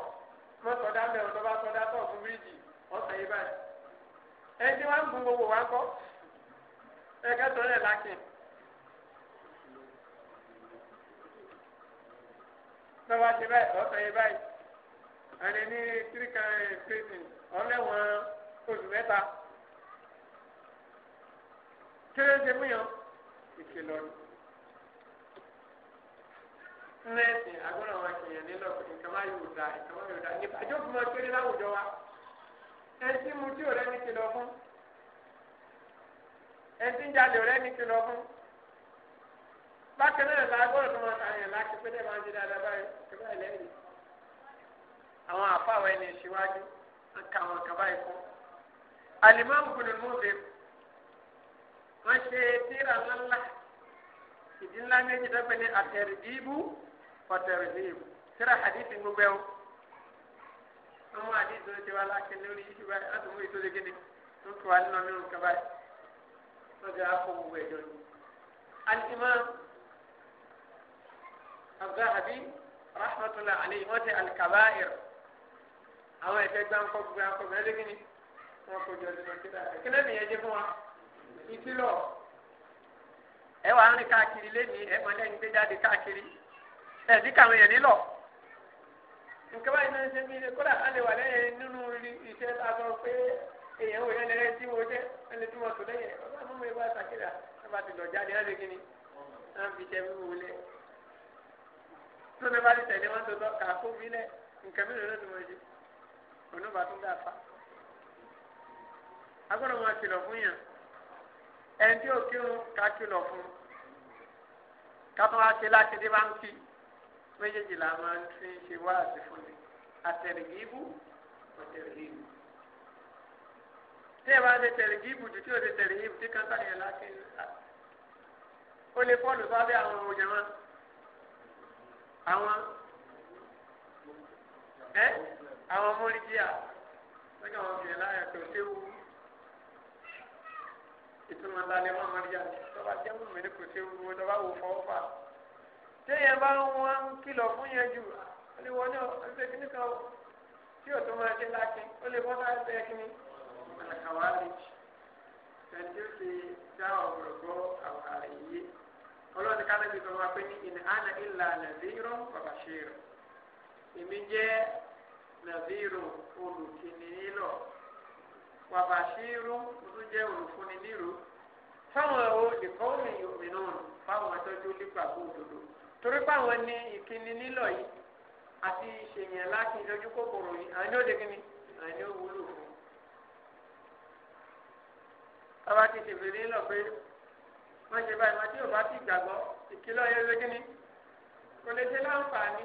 mọ́tò dá mẹ́rin bá sọ dá fún bíríìjì ọ̀sán yìí báyìí ẹni tí wọ́n ń gun gbogbo wa kọ́ ẹ̀ka tó rẹ̀ lákìn. tọ́ba ti báyìí ọ̀sán yìí báyìí ní ẹ̀ ọ̀lẹ́wọ̀n. oṣù mẹ́ta kéré ṣe fún yàn ìkìlọ̀ ní ẹ̀sìn agbọ́dọ̀ wọn ṣe yàn nílò yóò da nǹkan yóò da ìbàjọ́ fún wọn kéré láwùjọ wa ẹtí mu tí ọ̀rẹ́ mi kìlọ̀ fún ẹtí jalè ọ̀rẹ́ mi kìlọ̀ fún bákan náà la tó máa kàyàn láti pé dáadáa báyìí lẹ́yìn àwọn àfáwọn ẹni ìṣíwájú ń ka kaba alimami gbọdọ mọdé wọn ṣe tíra ńláńlá ìdí ńlá méjì dọ́gba ní atẹ̀rìdìbù ọ̀tẹ̀rìdìbù tíra hadithi gbogbo ẹ̀wọ̀ wọn hadithi ló ti wá láti lórí yìí báyìí láti mú ìtòlè gidi tó tó wà nínú mìíràn kaba yìí wọn ti wá gbogbo ẹ̀jọ̀ ni. alimam abdulhabi rahmatulah alayhi wọn ti alikabair àwọn ẹ̀fẹ́ gbáǹkọ́ gbáǹkọ́ gbáǹkọ́ gbáǹkọ́ wọn kò jọ sínú kí dáadáa kí lẹ́nu yẹn jẹ́ fún wa ìtìlọ̀ ẹ wà ń rìn káàkiri lẹ́nìí ẹ mọ̀ lẹ́yìn gbé jáde káàkiri ẹ̀ sí kàwọn yẹn nílọ̀ nǹkan báyìí náà ṣe bí kódà á lè wà lẹ́yìn nínú iṣẹ́ tá a sọ pé èèyàn wò yẹn lẹ́yìn tí wo jẹ́ ẹni tí wọ́n tó lẹ́yìn ọba mímú ibà sàkíra ọba ti lọ jáde láti kíni náà fi jẹ mímú wọlé tó ní bá ti tẹ̀lé wọn tó lọ kà á kó bí lẹ̀ nǹkan mìíràn ló ti mọ̀ ẹ́ jù ònú bá tún agbọ́dọ̀ máa kìlọ̀ fún yàn ẹni tí ó kírun ká kìlọ̀ fún kátó wá ṣe láti dé bá ń kí méjèèjì là máa ń fi ṣe wá àti fún mi àtẹ̀rẹ̀gìbù ọ̀tẹ̀rẹ̀gìbù tí ẹ bá ṣe tẹ̀rẹ̀gìbù ju tí ó ṣe tẹ̀rẹ̀gìbù tí kan sáyẹn láti ó lè fọ́ọ̀lù sábẹ́ àwọn òòyàn wọn àwọn ẹ àwọn mọ́lìkíà lọ́jọ́ àwọn fìyà láyà tó ṣéwu ìtumọ̀ ta ni wọ́n mọ̀rí jáde tọ́ba jẹ́ mọ̀mí ni kò sí owó tọ́ba wò fọwọ́ fà. téèyàn bá wọn ń kìlọ̀ fún yẹn jù ó lè wọ́n náà ó lè kíní kan tí ò tó máa ṣe lákin ó lè bọ́ sáà ṣe kíní. àwa lè jì ẹni tó ti dá ọ̀rọ̀ gbọ́ àwọn àyè ọlọ́run ká lẹ́bi sọ wá pé ní ìní àná ìlà nàzírò bàbá ṣe rẹ̀ èmi jẹ́ nàzírò olùkíní wàbà ṣírú tó jẹ́ olùfúnni nírú fáwọn ẹ̀hó ìkọ́wé mìíràn fáwọn ẹ̀tọ́jú onígbàgbọ́ òdodo torí fáwọn ní ìkíni nílọ̀ yìí àti ìṣèyàn láti ìdójú kòkòrò yìí àní òde kíni àní òwúlò fún. bàbá ti ṣèbèrè ńlọ pé wọ́n ṣe báyìí wọ́n tí ò bá ti gbàgbọ́ ìkìlọ̀ yẹn lé kíni kò lè ṣe láǹfààní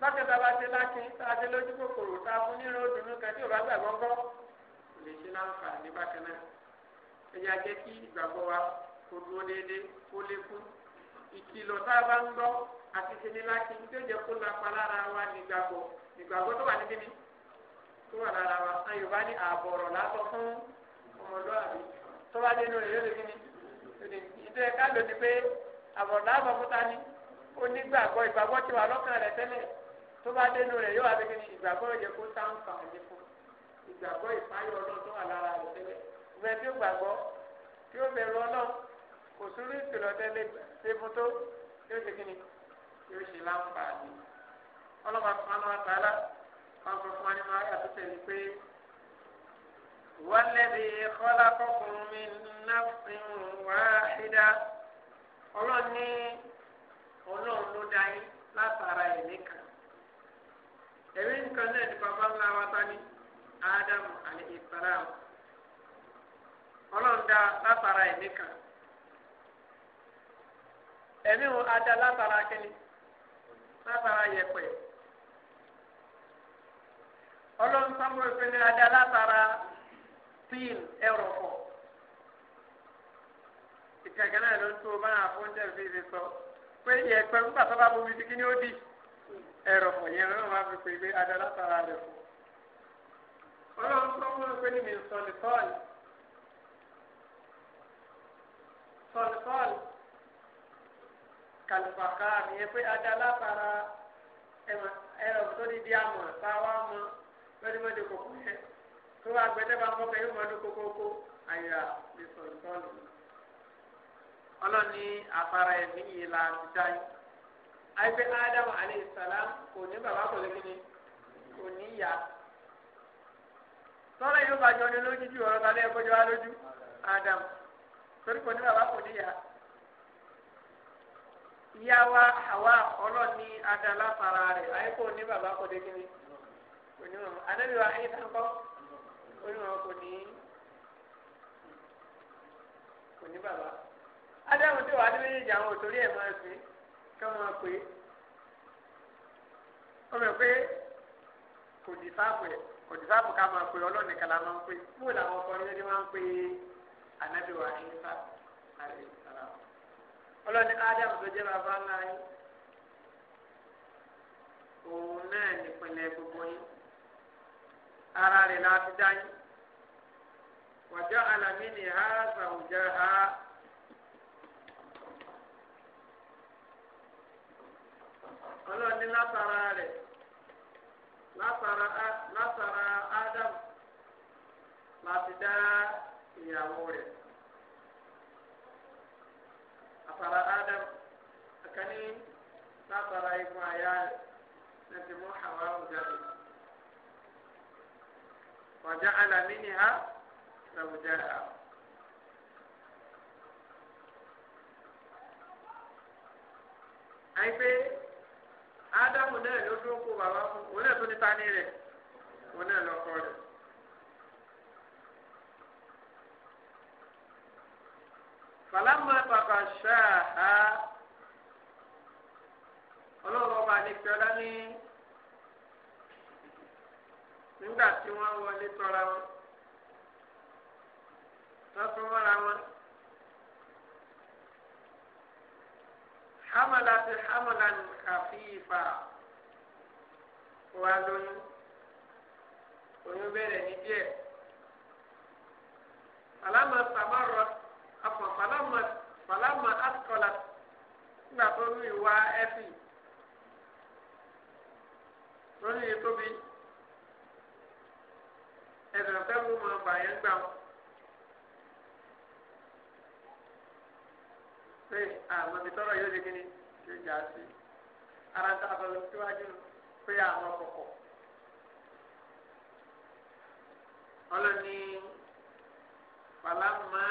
bákan tá a bá ṣe lákin tá a ṣe lójú kòkòrò tá a fún nírò òdùnnú kan tí ò bá gbàgbọ́ lè ṣe láǹfààní bákan náà ẹ̀yà jẹ́ kí ìgbàgbọ́ wa kó dúró déédéé kó lékún ìkìlọ̀ tá a bá ń gbọ́ àti kíni láti ní tó jẹ́ kó lápá lára wa nígbàgbọ́ nígbàgbọ́ tó wà ní kíni tó wà lára wa àwọn Yorùbá ní ààbọ̀ ọ̀rọ̀ látọ̀ fún ọmọlúwàbí tó bá dénú rẹ̀ yóò lè kíni ìtọ́ ẹ̀ká ló ti pé ààbọ̀ látọ̀ fún ta ni onígbàgbọ́ ìgbàgbọ́ ti wà lọ́kàn rẹ̀ tẹ́lẹ̀ tó bá dénú ìgbàgbọ́ ìfáyọ̀ ọlọ́run tó wà lára rẹ̀ tẹ́lẹ̀ ìgbà tí ó gbàgbọ́ tí ó bẹ̀rù ọlọ́run kò sórí ìpìlọ̀ tẹ́lẹ̀ ṣẹ́fún tó yóò ṣe kíni yóò ṣe láǹfààní ọlọ́run àtúmọ̀ àtàlà wọn fún wa nínú ayé àtúntẹ̀ ni pé wọ́lẹ́bí kọ́lákọ́kùn mi náfin wáhídá ọlọ́run ní ọlọ́run ló dá yín látara ẹ̀mí kan ẹ̀mí nǹkan náà ní ádámù àlejò sàlám ọlọ́ọ̀dá látara ẹ̀mí kan ada wọn adá látara kínní látara yẹ̀pẹ̀ ọlọ́run sábà ìpínlẹ̀ ada látara tíìn ẹ̀rọ̀fọ̀ ìkẹ̀kẹ́ náà ló ń tó báyà fún jẹ́rìí fi sọ pé nígbà tó bá ni ó di yẹn máa fi fún. ọlọ́run sọ fún mi pé ní mi sọ̀lìtọ́ọ̀lì sọ̀lìtọ́ọ̀lì kàlùfàkà mi yẹ pé adé alábàárà ẹ̀rọ tó ní di àmọ̀ sáwá mọ́ lọ́dúnmọ́dé kòkó yẹn tó wá gbẹ́dẹ́ bá ń bọ́ kẹ́ yóò mọ́dún kókókó àyà mi sọ̀lìtọ́ọ̀lì ọlọ́ni afárá ẹ̀mí yìí la ti dá yìí àyẹ̀pẹ́ ádámù alẹ́ ìsàlám kò ní bàbá kò lè kí ni kò ní ìyá. tọ́lá yóò bá jọ lójú ju ọ̀rọ̀ tálẹ́ ẹ̀kọ́ jọ lójú Adam torí kò ní bàbá kò ìyá wa àwa ọlọ́ọ̀ni Adam láfara rẹ̀ ayé kò ní bàbá kò dé kíni kò ní màmá anábì wa ayé kò ní kò ní kò ní bàbá Adam tó wà ní méjèèjì àwọn ẹ̀ máa fi òtítọ́ àbùká máa pe ọlọ́ọ̀nì kala máa ń pe fún làwọn ọkọ yẹn ni wọ́n ń pe anabi wa ayélujára àlèyésàlá ọlọ́ọ̀nì adam tó jẹ́ bàbá ńlá yìí òun náà nípìnlẹ̀ gbogbo yìí ara rẹ̀ la ti dá yìí wàjọ alami ni ha sàwùjọ ha. ọlọ́ọ̀ni látara rẹ̀. látara látara Adam láti dá ìyàwó rẹ̀ àtàrà Adam àkànní látara ikun àyà rẹ̀ láti mú Hawa jáde wàjà alamíní ha làwùjá ha. àyípé. ádámù náà ló dúró bàbá fún òun náà tó ní tání rẹ̀ òun náà rẹ̀. fàlámù àtàkà ṣáà ọlọ́run ní nígbà tí wọ́n wọlé tọ́ra wọn wọ́n fún wọn. hamalati hamalan khafifa wá lóyún oyún bẹ̀rẹ̀ ní díẹ̀ falama samarọ afọ falama falama asikọla nígbà tó ní ìwà ẹfì lónìí tóbi ẹ̀dùn ọ̀fẹ́ mú mọ́ bàyẹ̀ gbà wọn. pé àmọ́bi tọrọ yóò di kíni yóò já sí ara ń tàbí lọ síwájú pé àwọn kọ̀kọ̀ ọlọ́ni falama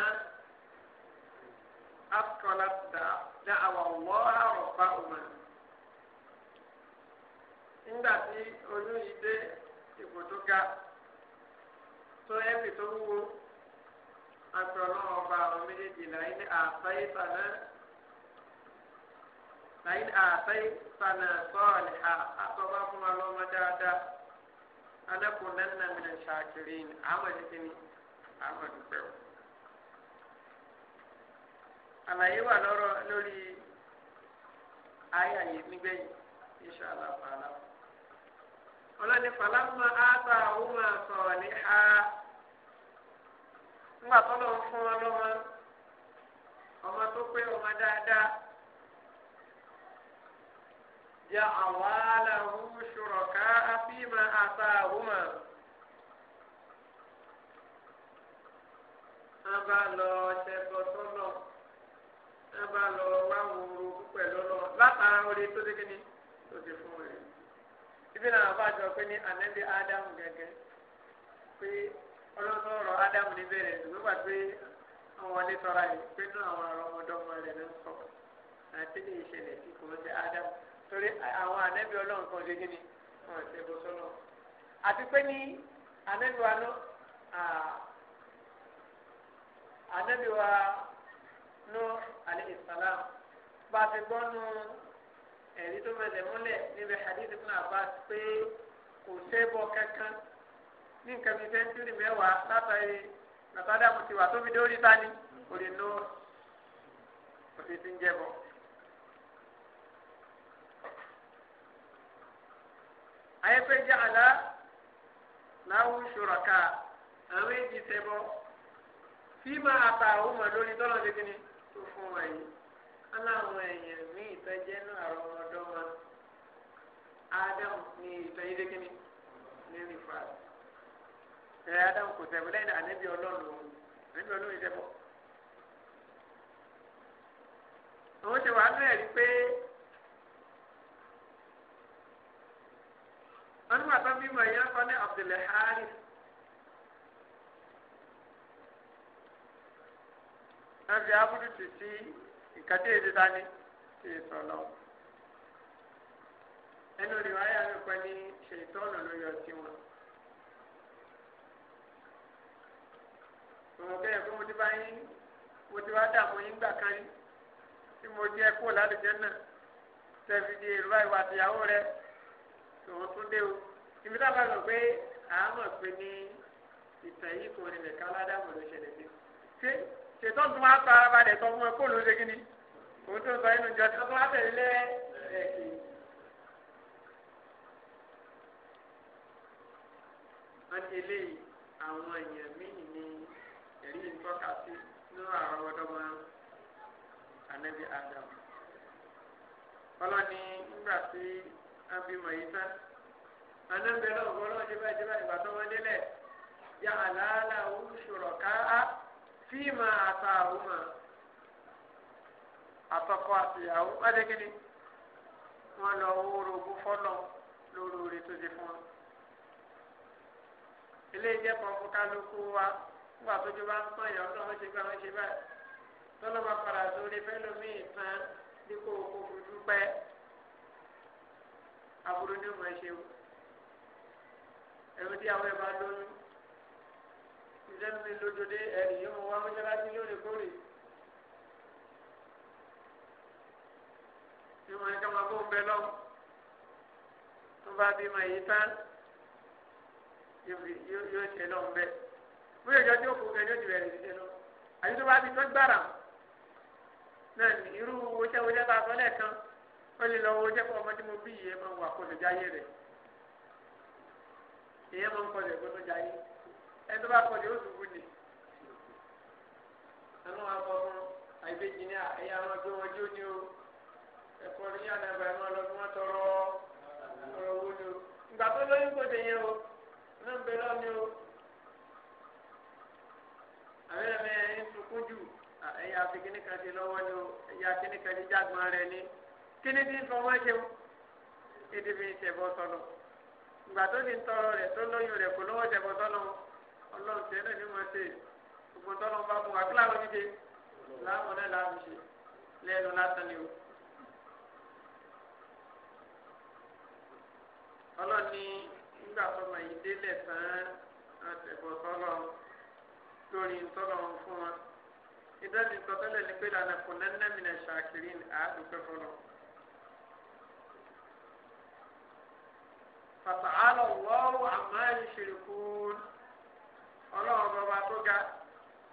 akọlá dá àwọ̀ wọ́ àrọ̀bá ọmọ nígbà tí oyún dé ipò tó ga tó ẹ̀mí tó àti ọlọ́run ọba àwọn méjèèjì láyé ní sànà láyé ní sànà sọ́ọ̀lì ha fún wa lọ́mọ dáadáa adẹ́kùn nẹ́nà mi lè ṣàkiri ní àwọn ìdíje ní àwọn ìdíje o. àlàyé wà lọ́rọ̀ lórí ayé àyè nígbẹ̀yìn inṣàlá ọlọ́ni ọmọ sọ̀ọ̀lì ha. ńgbà tó lọ fún wọn lọ́mọ ọmọ tó pé ọmọ dáadáa jẹ àwọn aláwo ṣòrọ̀ká afíìmọ̀ àtà àwòmọ̀. wọ́n lọ ṣẹ́gbọ́ sọ́nà wọ́n lọ wá wòrò pẹ̀lú lọ látara orí tó dégé ni tó fún ibi náà bá jọ pé ní ádámù gẹ́gẹ́ pé. olóńtọ́rọ̀ ádámù níbẹ̀rẹ̀ ṣùgbọ́n wà pé wọ́n wọlé tọ́ra yìí pé nú àwọn ọmọdọ́mọ rẹ̀ ló ń sọ àti ní ìṣẹ̀lẹ̀ tí kò ń ṣe ádámù torí àwọn ànábì ọlọ́run kan ṣe kí ni wọ́n ṣe bó sọ́nà àti pé ní ànábì wa nú ànábì wa nú alẹ́ ìsàlám bá a ti gbọ́ nú ẹ̀rí tó fẹsẹ̀ múlẹ̀ níbi hadith ibn Abbas pé kò sẹ́bọ̀ kankan ní nǹkan bíi sẹ́ńtúrì mẹ́wàá látàrí nàtàdàmù ti wà tóbi dórí tani kò lè nù òfin ti ń jẹ bọ. ayẹpẹ jẹ àlá láwù ṣòràká àwọn èjì sẹbọ fíìmà àtà àwọn ọmọ lórí tọ́lọ̀ ní kíni tó fún wa yìí aláwọn èèyàn ní ìtọ́jẹ́ náà àrọ ọmọdé wọn ádámù ní ìtọ́jú ní kíni ní rìfáàsì ẹ adamu kò ṣẹbọ lẹ́yìn náà anabi Ọlọ́run anabi Ọlọ́run ṣẹbọ òun ṣe wàá bẹ́ẹ̀ rí pé wọn ní wàtá bímọ yẹn kọ ní Abdulhari wọn fi abudu ti sí nǹkan tí èdè dání tí èdè sọ lọ ẹnu rí wáyà mi kọ ní ṣètọ́nù lórí ọtí wọn. òun kẹ́yìn fún mo ti bá yín mo ti wá dààmú yín gbà kan yín tí mo jẹ́ kó lálùjẹ́ náà tẹ̀sí di èrò báyìí wà tìyàwó rẹ̀ tòun tún dé o ibi tá a bá lọ pé àámọ̀ pé ní ìtàn yìí kò rìn lẹ̀ka aládàmọ̀ ló ṣẹlẹ̀ sí ṣé ṣètò tó máa fa abalẹ̀ tó fún ẹ kó ló ṣe kíni òun tó sọ inú ìjọ tó máa tẹ̀lé lẹ́ ẹ̀kì. wọ́n ti lé àwọn èèyàn míì yìí ń tọ́ka sí nínú àwọn ọmọdọ́mọ anabi adam ọlọ́ni ńgbà tí a bímọ yìí tán anábẹ́ náà ọlọ́run jẹ́ báyìí jẹ́ báyìí bàtọ́ wọn délẹ̀ yà àlàálà òṣùrọ̀ káá fíìmà àtà àwùmà àtọkọ àtìyàwó adékìní wọn lọ wóró ogún fọlọ lórí orí tó di fún wọn. ilé ìjẹ́pọ̀ fún wa nígbà tó jọba ń pọ̀ yà ọ́ lọ́wọ́ ṣe gbà ṣe báyìí tọ́lọ́ba padà sórí fẹ́ lómi ìtàn bí fojú pẹ́ aburú ni mo ṣe o ẹ̀rọ tí àwọn ẹ̀ bá lóyún ìṣẹ́ mi lójúdé ẹ̀rì yóò wá mọ́ṣáláṣí lóòrèkóòrè. ìmọ̀ ẹ̀ka máa bó ń bẹ lọ́wọ́ tó bá bímọ èyí tán yóò ṣe lọ́wọ́ bẹ́ẹ̀ wíwẹ̀ jọ tí ó kú kẹ́ni ó ti bẹ̀rẹ̀ ṣiṣẹ́ lọ àti tó bá ti tọ́ gbàrà náà ní irú wọ́jẹ́ wọ́jẹ́ bá sọ lẹ́ẹ̀kan ó lè lọ wọ́jẹ́ fún ọmọ tí mo bí yìí ẹ máa wà kọlù jáyé rẹ̀ èyẹ máa ń kọlù ẹ̀gbọ́n tó jáyé ẹni tó bá kọlù ó ṣubú ni àwọn akọ fún àìbéjì ní ẹ̀yà wọn gbé wọn jó ní o ẹ̀kọ́ ní àdàbà ẹ̀ máa lọ fún wọn tọrọ ọ̀rọ̀ owó o ìgbà tó lóyún kò dé yẹn o náà àbẹ́rẹ́ mi ẹ̀ ń sunkún jù ẹ̀yà fi kíní kan ṣe lọ́wọ́ ni o ẹ̀yà kíní kan ṣe jágbọ́n rẹ ni kíní ti ń fọwọ́ ṣe o kéde fi ń ṣẹ̀bọ sọ̀nù ìgbà tó ní tọrọ rẹ̀ tó lóyún rẹ̀ kò lọ́wọ́ ṣẹ̀bọ sọ̀nù ọlọ́run tẹ́ náà ní wọ́n ṣe gbogbo tọ́lọ́ bá mú wa kí láwọn ṣe láwọn náà láwọn ṣe lẹ́nu lásán ni o. ọlọ́ni nígbà tó mọ̀ yìí délẹ̀ tán àtẹ̀bọ̀ sọ́lọ́run. lórí ntọ́lọ̀ ń fún wọn ìdájọ́ ìtọ́tẹ́lẹ̀ ni pé lànà kò mi fọlọ́. àmọ́ kún ọlọ́run tó ga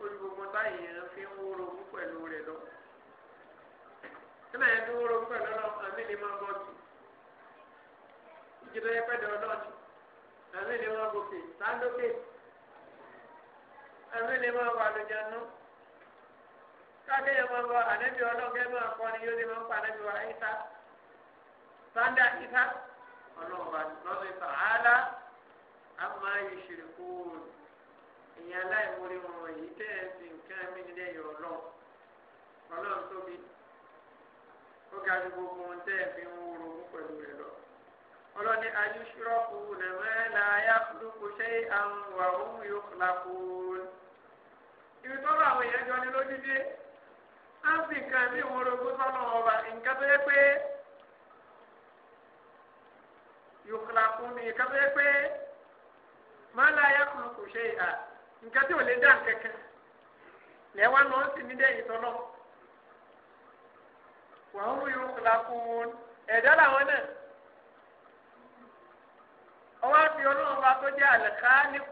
olùgbogbo táyì àmì lè máa wà lójà nù kákéèyàn máa wọ ànábì ọlọ́gẹ́ máa kọ́ ni yóò lè máa pa ànábì wa ìta sanda ìta ọlọ́wà lọ́dún ìfà áàlà á máa yí ṣìrì ìyẹn aláìmọ̀lẹ́ wọn èyí tẹ̀ ẹ́ sì nǹkan mí nílẹ̀ yọ̀ ọlọ́ ọlọ́run tóbi ó ga ju gbogbo ohun tẹ́ ẹ̀ fi ń wúro pẹ̀lú lọ ọlọ́ni ayúṣúrọ́kù yá àwọn wàhùn yóò ibi tọ́lọ̀ àwọn èèyàn jọ ni lódìdí á ń fi nǹkan ìwọ̀n ọba nǹkan tó yẹ pé yòókùlà fún nǹkan tó yẹ pé máa ń kò ṣe ìhà nǹkan tí ò lè dá kẹ̀kẹ́ lẹ́wà lọ sí mi dẹ́yìn tọ́lọ̀ wọ́n mú ẹ̀dá làwọn náà ọwọ́ àti ọlọ́run bá tó jẹ́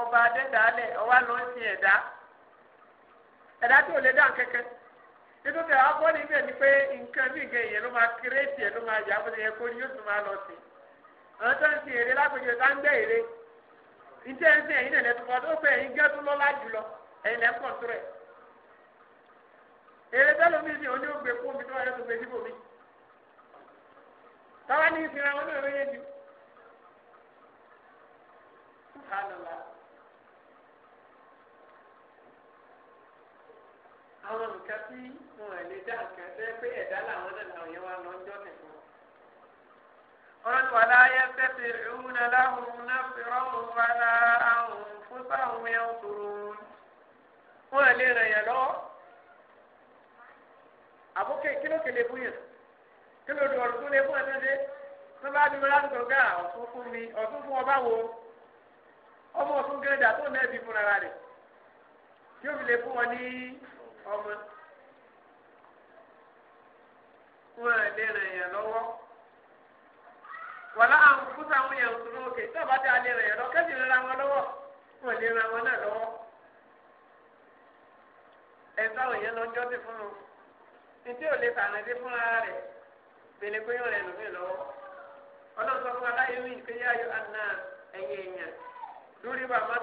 ọba adẹ́dàálẹ̀ ọwọ́ ń ẹ̀dá. e tí ò lè dá kẹ́kẹ́ nínú bí àwọn bọ́ọ̀lù ibẹ̀ ni pé nǹkan bí nǹkan èèyàn ló máa ẹ̀ ló máa yà bó ṣe yẹ kó ní yóò tún máa lọ sí i àwọn tó ń èrè ń èrè ń ẹ̀yin lẹ́tọ́ fún ọ tó ẹ̀yin gẹ́ tó jùlọ ẹ̀yin lẹ́ àwọn nǹkan tí wọn ò lè dá nǹkan tẹ́ pé ẹ̀dá làwọn náà làwọn yẹn wá lọ ń jọ́ nìkan. wọ́n ti wà láyé tẹ́tẹ̀ ìrúnà láhùn náà fi rọ́hùn wá àwọn fún sáwọn yẹn kúrò. wọn ò lè ràn yẹn lọ́wọ́. àbúkẹ́ kí ló fún yẹn kí dùn ọ̀rùn fún lè fún ẹ̀sẹ̀ dé tó bá bí mọ́lá nǹkan gá ọ̀tún fún mi ọ̀tún fún ọba wo ọmọ ọ̀tún gẹ́gẹ́ dà tó náà bí fúnra rẹ̀ kí fi lè fún wọn ní. ọmọ wọn à lè ràn lọ́wọ́ wàlá àwọn kúta wọn yàn sùn lókè tí ọba tí a lè ràn yàn kẹ́sì ràn wọn lọ́wọ́ wọn lè ràn wọn náà lọ́wọ́ ẹ̀ sáwọn yẹn lọ́jọ́ sí fún un ntí o lè fàánà dé fúnra rẹ pé lọ́wọ́ Ọlọ́run sọ fún pé yá àná lórí bàbá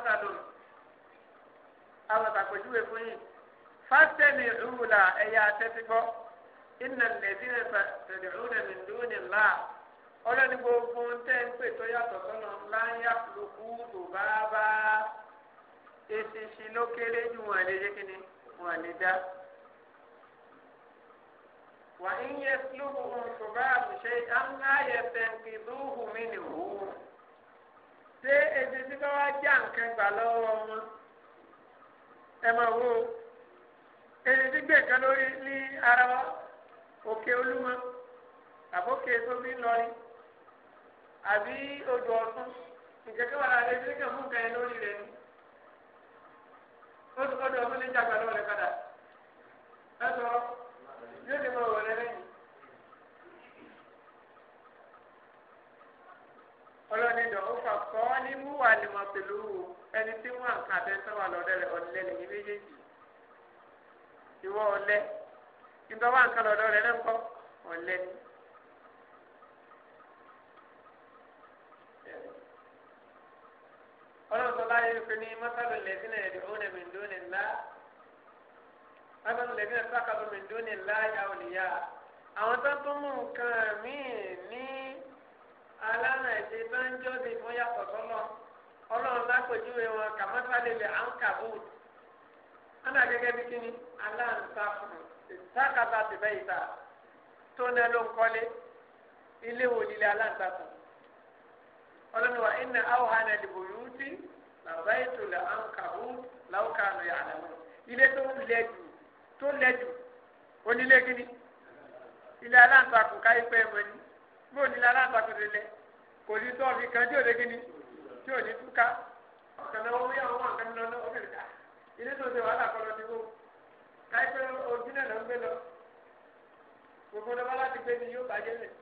àwọn fún yìí fásitẹ́mì ìhùwùlà ẹ̀yà àtẹ́tígbọ́ iná lẹ́sìn tẹ̀lé ìhùwùlà mi dùn ní ńlá ọlọ́ni gbogbo ń tẹ́ ń pè tó yàtọ̀ sọ́nà ńlá ń yà lókù tó bá bá eṣinṣin ló kéré ju wọn lè jẹ́ kí ni wọn ẹni tí gbé nǹkan lórí ní ara wa òkè olúmọ àbókè tóbi ńlọrin àbí odò ọ̀tún nǹkan kí wà lára ẹni tí kàn fún nǹkan yẹn lórí rẹ ni ó ti kọ́dọ̀ ọdún níjà gbàdọ̀ rẹ padà ẹ sọ yóò ti mọ òwòrán lẹ́yìn. ọlọ́ni dọ̀ ó fà kọ́ ní múwà ni mo ti lù ú ẹni tí wọ́n àǹkà bẹ́ẹ̀ sọ́wọ́ lọ́dẹ̀ rẹ̀ ọ̀dẹ́lẹ̀ ní méjèèjì. ìwọ ọ̀lẹ nítorí wọn kan lọ́dọ̀ rẹ náà ń ni. tó bá yẹ kó ní mọ́tàlù lẹ́sìn ẹ̀dẹ̀ òun ẹ̀mí ndóni ńlá mọ́tàlù lẹ́sìn ẹ̀dẹ̀ sàkàtọ̀ mi ndóni ńlá yàwó nìyá àwọn tó tún mú nǹkan míì ní alámẹ̀dé bá ń jọ́sìn fún ana gẹ́gẹ́ bí kíni aláǹtakùn ìtàkàtà ti bẹ́ ìta tó ná ló ń kọ́lé ilé wo lílé aláǹtakùn ọlọ́nuwa iná awhana al-buyuti làbáyétò làǹkàhù làǹkàhù ya'lamu ilé tó ń lẹ jù tó lẹ jù onílé kíni ilé aláǹtakùn káyé pẹ́ mọ́ ni bó onílé aláǹtakùn ti lẹ kò ní tó ọ̀fi kan tí ò lé kíni tí ò ní túká ọ̀kan náà wọ́n yà wọ́n wà lọ́nà ó ilé tó ṣe wàhálà kọ́ lọ ti wó káyipẹ́ ojúlẹ̀ lọ ń gbé lọ gbogbo dọ́gba láti gbé ni yóò bàjẹ́ lẹ̀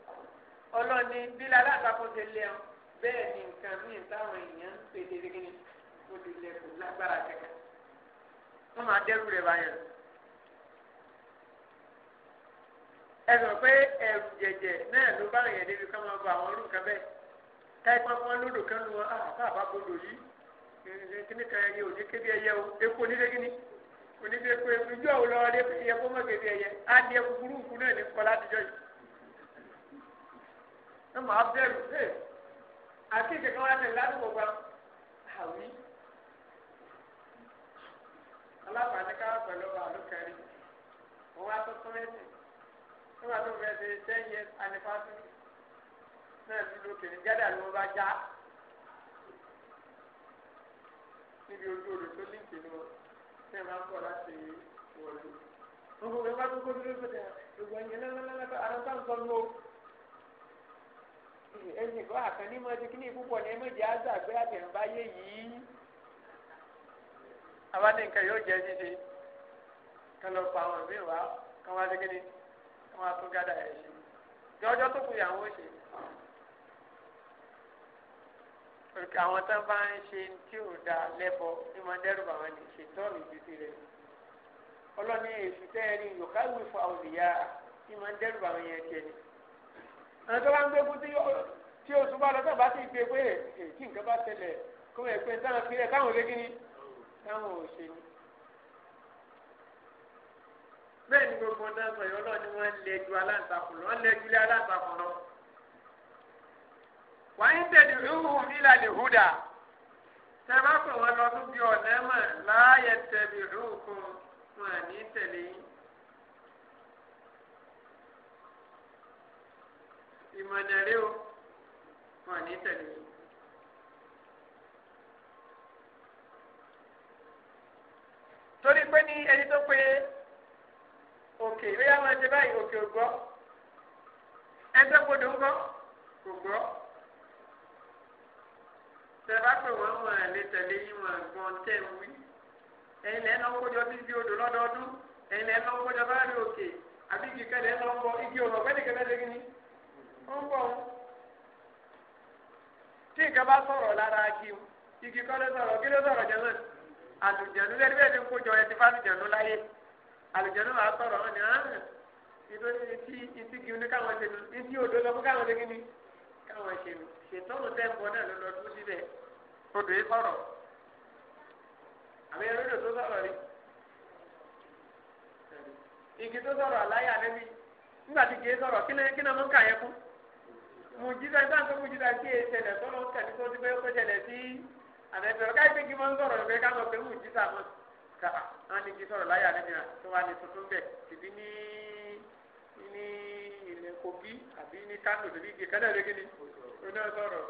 ọlọ́ni bílẹ̀ alátakò ṣe lẹ̀ ọ́ bẹ́ẹ̀ ni nǹkan mí táwọn èèyàn ń pè dé kíni kó ti lẹ̀ kó lágbára kẹ̀kẹ́ wọ́n máa dẹ́rù rẹ̀ báyẹn ẹnu pé ẹrù jẹjẹ náà ló bá yẹn débi ká máa bọ àwọn olùkọ́ bẹ́ẹ̀ káyipẹ́ wọn lódò kan lu wọn yìí kíní kan ẹyẹ òní kébi ẹyẹ o epo nílé kíní òní bí epo epo ìjọ òun lọ́wọ́ lé ẹyẹ kó mọ̀ kébi ẹyẹ adìẹ kúkúrú kú náà ní kọ́ láti jọ yìí. ẹ máa bẹ̀rù ẹ àkéèké kan wá tẹ̀lé ládùúgbò gba àwí. alábàáni ká pẹ̀lú àlùkẹ́rì wọ́n wá tó tún ẹ̀sìn o wá tó fẹ́ẹ́ ṣe ten years anniversary náà dúró kìnnìgádà ló bá já. níbi ojú odò tó líǹkì ní wọn ní ẹ̀ máa ń bọ̀ láti wọ̀lú. wọ́n kò wẹ́ wá tó kó dúró sódà gbogbo ẹ̀yìn lálálálá ara tá ń sọ ló. ẹ̀yìn kọ́ àkànní máa ti kíní púpọ̀ ní ẹ̀mẹ́jì áza pé àtẹ̀ǹbáyé yìí. àwọn ní nǹkan yóò jẹ́ ṣíṣe kán lọ pa àwọn ìbéèrè wa kán wá sí kíní kán wá tún gádà ẹ̀ ṣe. ìjọ́jọ́ tó kù yà wọ́n ṣe òkè àwọn tó bá ń ṣe tí ò da lẹ́bọ ní máa dẹ́rù bàwọn lè ṣe tọ́ọ̀nù títí rẹ̀ ọlọ́ni èsì tẹ́ẹ̀rí yòókà wí fún àwọn olùyà ní máa dẹ́rù bàwọn yẹn tiẹ̀ ni. àwọn tó bá ń gbé kú tí oṣù bá lọ́tọ̀ bá ti gbé pé kí nǹkan bá tẹ̀lẹ̀ kó wẹ̀ pé táwọn fi rẹ̀ káwọn lé kíní káwọn ò ṣe ni. bẹ́ẹ̀ ni gbogbo ọ̀dọ́ sọ̀yọ́ ọlọ́ni wọ́n lẹ́jú aláǹtakùn lọ́ wàá ń tẹ̀lé ìhùhùn ìlànà ìhùdà tẹ́lá pé wọ́n lọ tó bí ọ̀nà mọ̀ láàyè tẹ̀lé ìhùhùn wọn ní tẹ̀lé yín. o wọn ní tẹ̀lé yín. torí pé ní ẹni tó pé òkè ìrẹ́yà máa ṣe báyìí òkè ògbọ́ ẹgbẹ́ gbọdọ̀ ń gbọ́ kò gbọ́ tẹ̀bá pé wọ́n mọ̀ ẹ̀ lé tẹ̀lé yín wọn gbọ́n tẹ̀ ń wí ẹ̀yin lẹ́nu ọkọ̀jọ bí bí odò lọ́dọọdún ẹ̀yin lẹ́nu ọkọ̀jọ bá rí òkè àbí igi kẹlẹ̀ ẹ̀ lọ́wọ́ igi ọ̀rọ̀ pẹ́ẹ́nì kẹlẹ́ lé gíní ó ń bọ̀ wọn. tí nǹkan bá sọ̀rọ̀ lára igi o igi kọ́ ló sọ̀rọ̀ kí ló sọ̀rọ̀ jẹ́ náà àlùjànnú lẹ́nu bẹ́ẹ̀ ni ń kójọ ẹ ti fá àlùjànnú láyé àlùjànnú máa sọ̀rọ̀ wọn ah, ni hàn ìdó etí etí gi ní káwọn ṣe nu etí odò lọ fún káwọn ṣe gíní káwọn ṣe nu ìtọ́nù tẹ́ǹpọ̀ náà ló lọ dún síbẹ̀ odò yìí sọ̀rọ̀ àmì ẹ̀rọ tó sọ̀rọ̀ rí igi tó sọ̀rọ̀ àláyà níbi nígbà tí kìí sọ̀rọ̀ kí ni ọmọ ń kà yẹ fún mùjísà ìgbà tó mùjísà kí e ṣẹlẹ̀ tó lọ́ọ́ kẹ́ni tó ti fẹ́ kó ṣẹlẹ̀ sí àmẹ́fẹ́rọ́ káyọ̀ pé kí wọ́n sọ̀rọ̀ ìfẹ́ ká mọ̀ pé mùjísà mọ̀ ká wọ́n ní kí sọ̀rọ̀ láyà níbi náà tó wà ní tuntun bẹ̀ tìbí ní ní ilẹ̀ Kogi àbí ní Kano tòbí igi kẹ́lẹ́ rẹ́gẹ́ni oná sọ̀rọ̀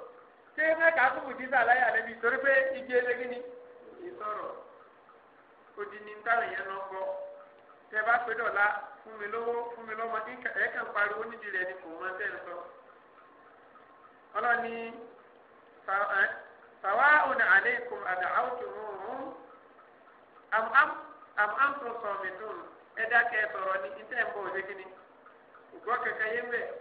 ṣé mẹ́ka fún bùdísà láyà lẹ́bi torí pé igi elégi ni ìsọ̀rọ̀ odi ni táwọn èèyàn lọ gbọ́ tẹ bá pé dọ̀la fún mi lówó fún mi lọ́mọ ẹ̀ẹ́kàn pariwo nídìí rẹ̀ ni kò mọ tẹ́ ń sọ. ọlọ́ni sàwa ọ̀nà àlékún àdá àwùjọ òun àmọ́ àmọ́ sọ̀mìtún ẹ̀dá kẹ́ sọ̀rọ̀ ní ìtẹ̀ ń bọ̀ òjé kínní. ògbọ́ kẹ̀kẹ́ yé bẹ́ẹ̀.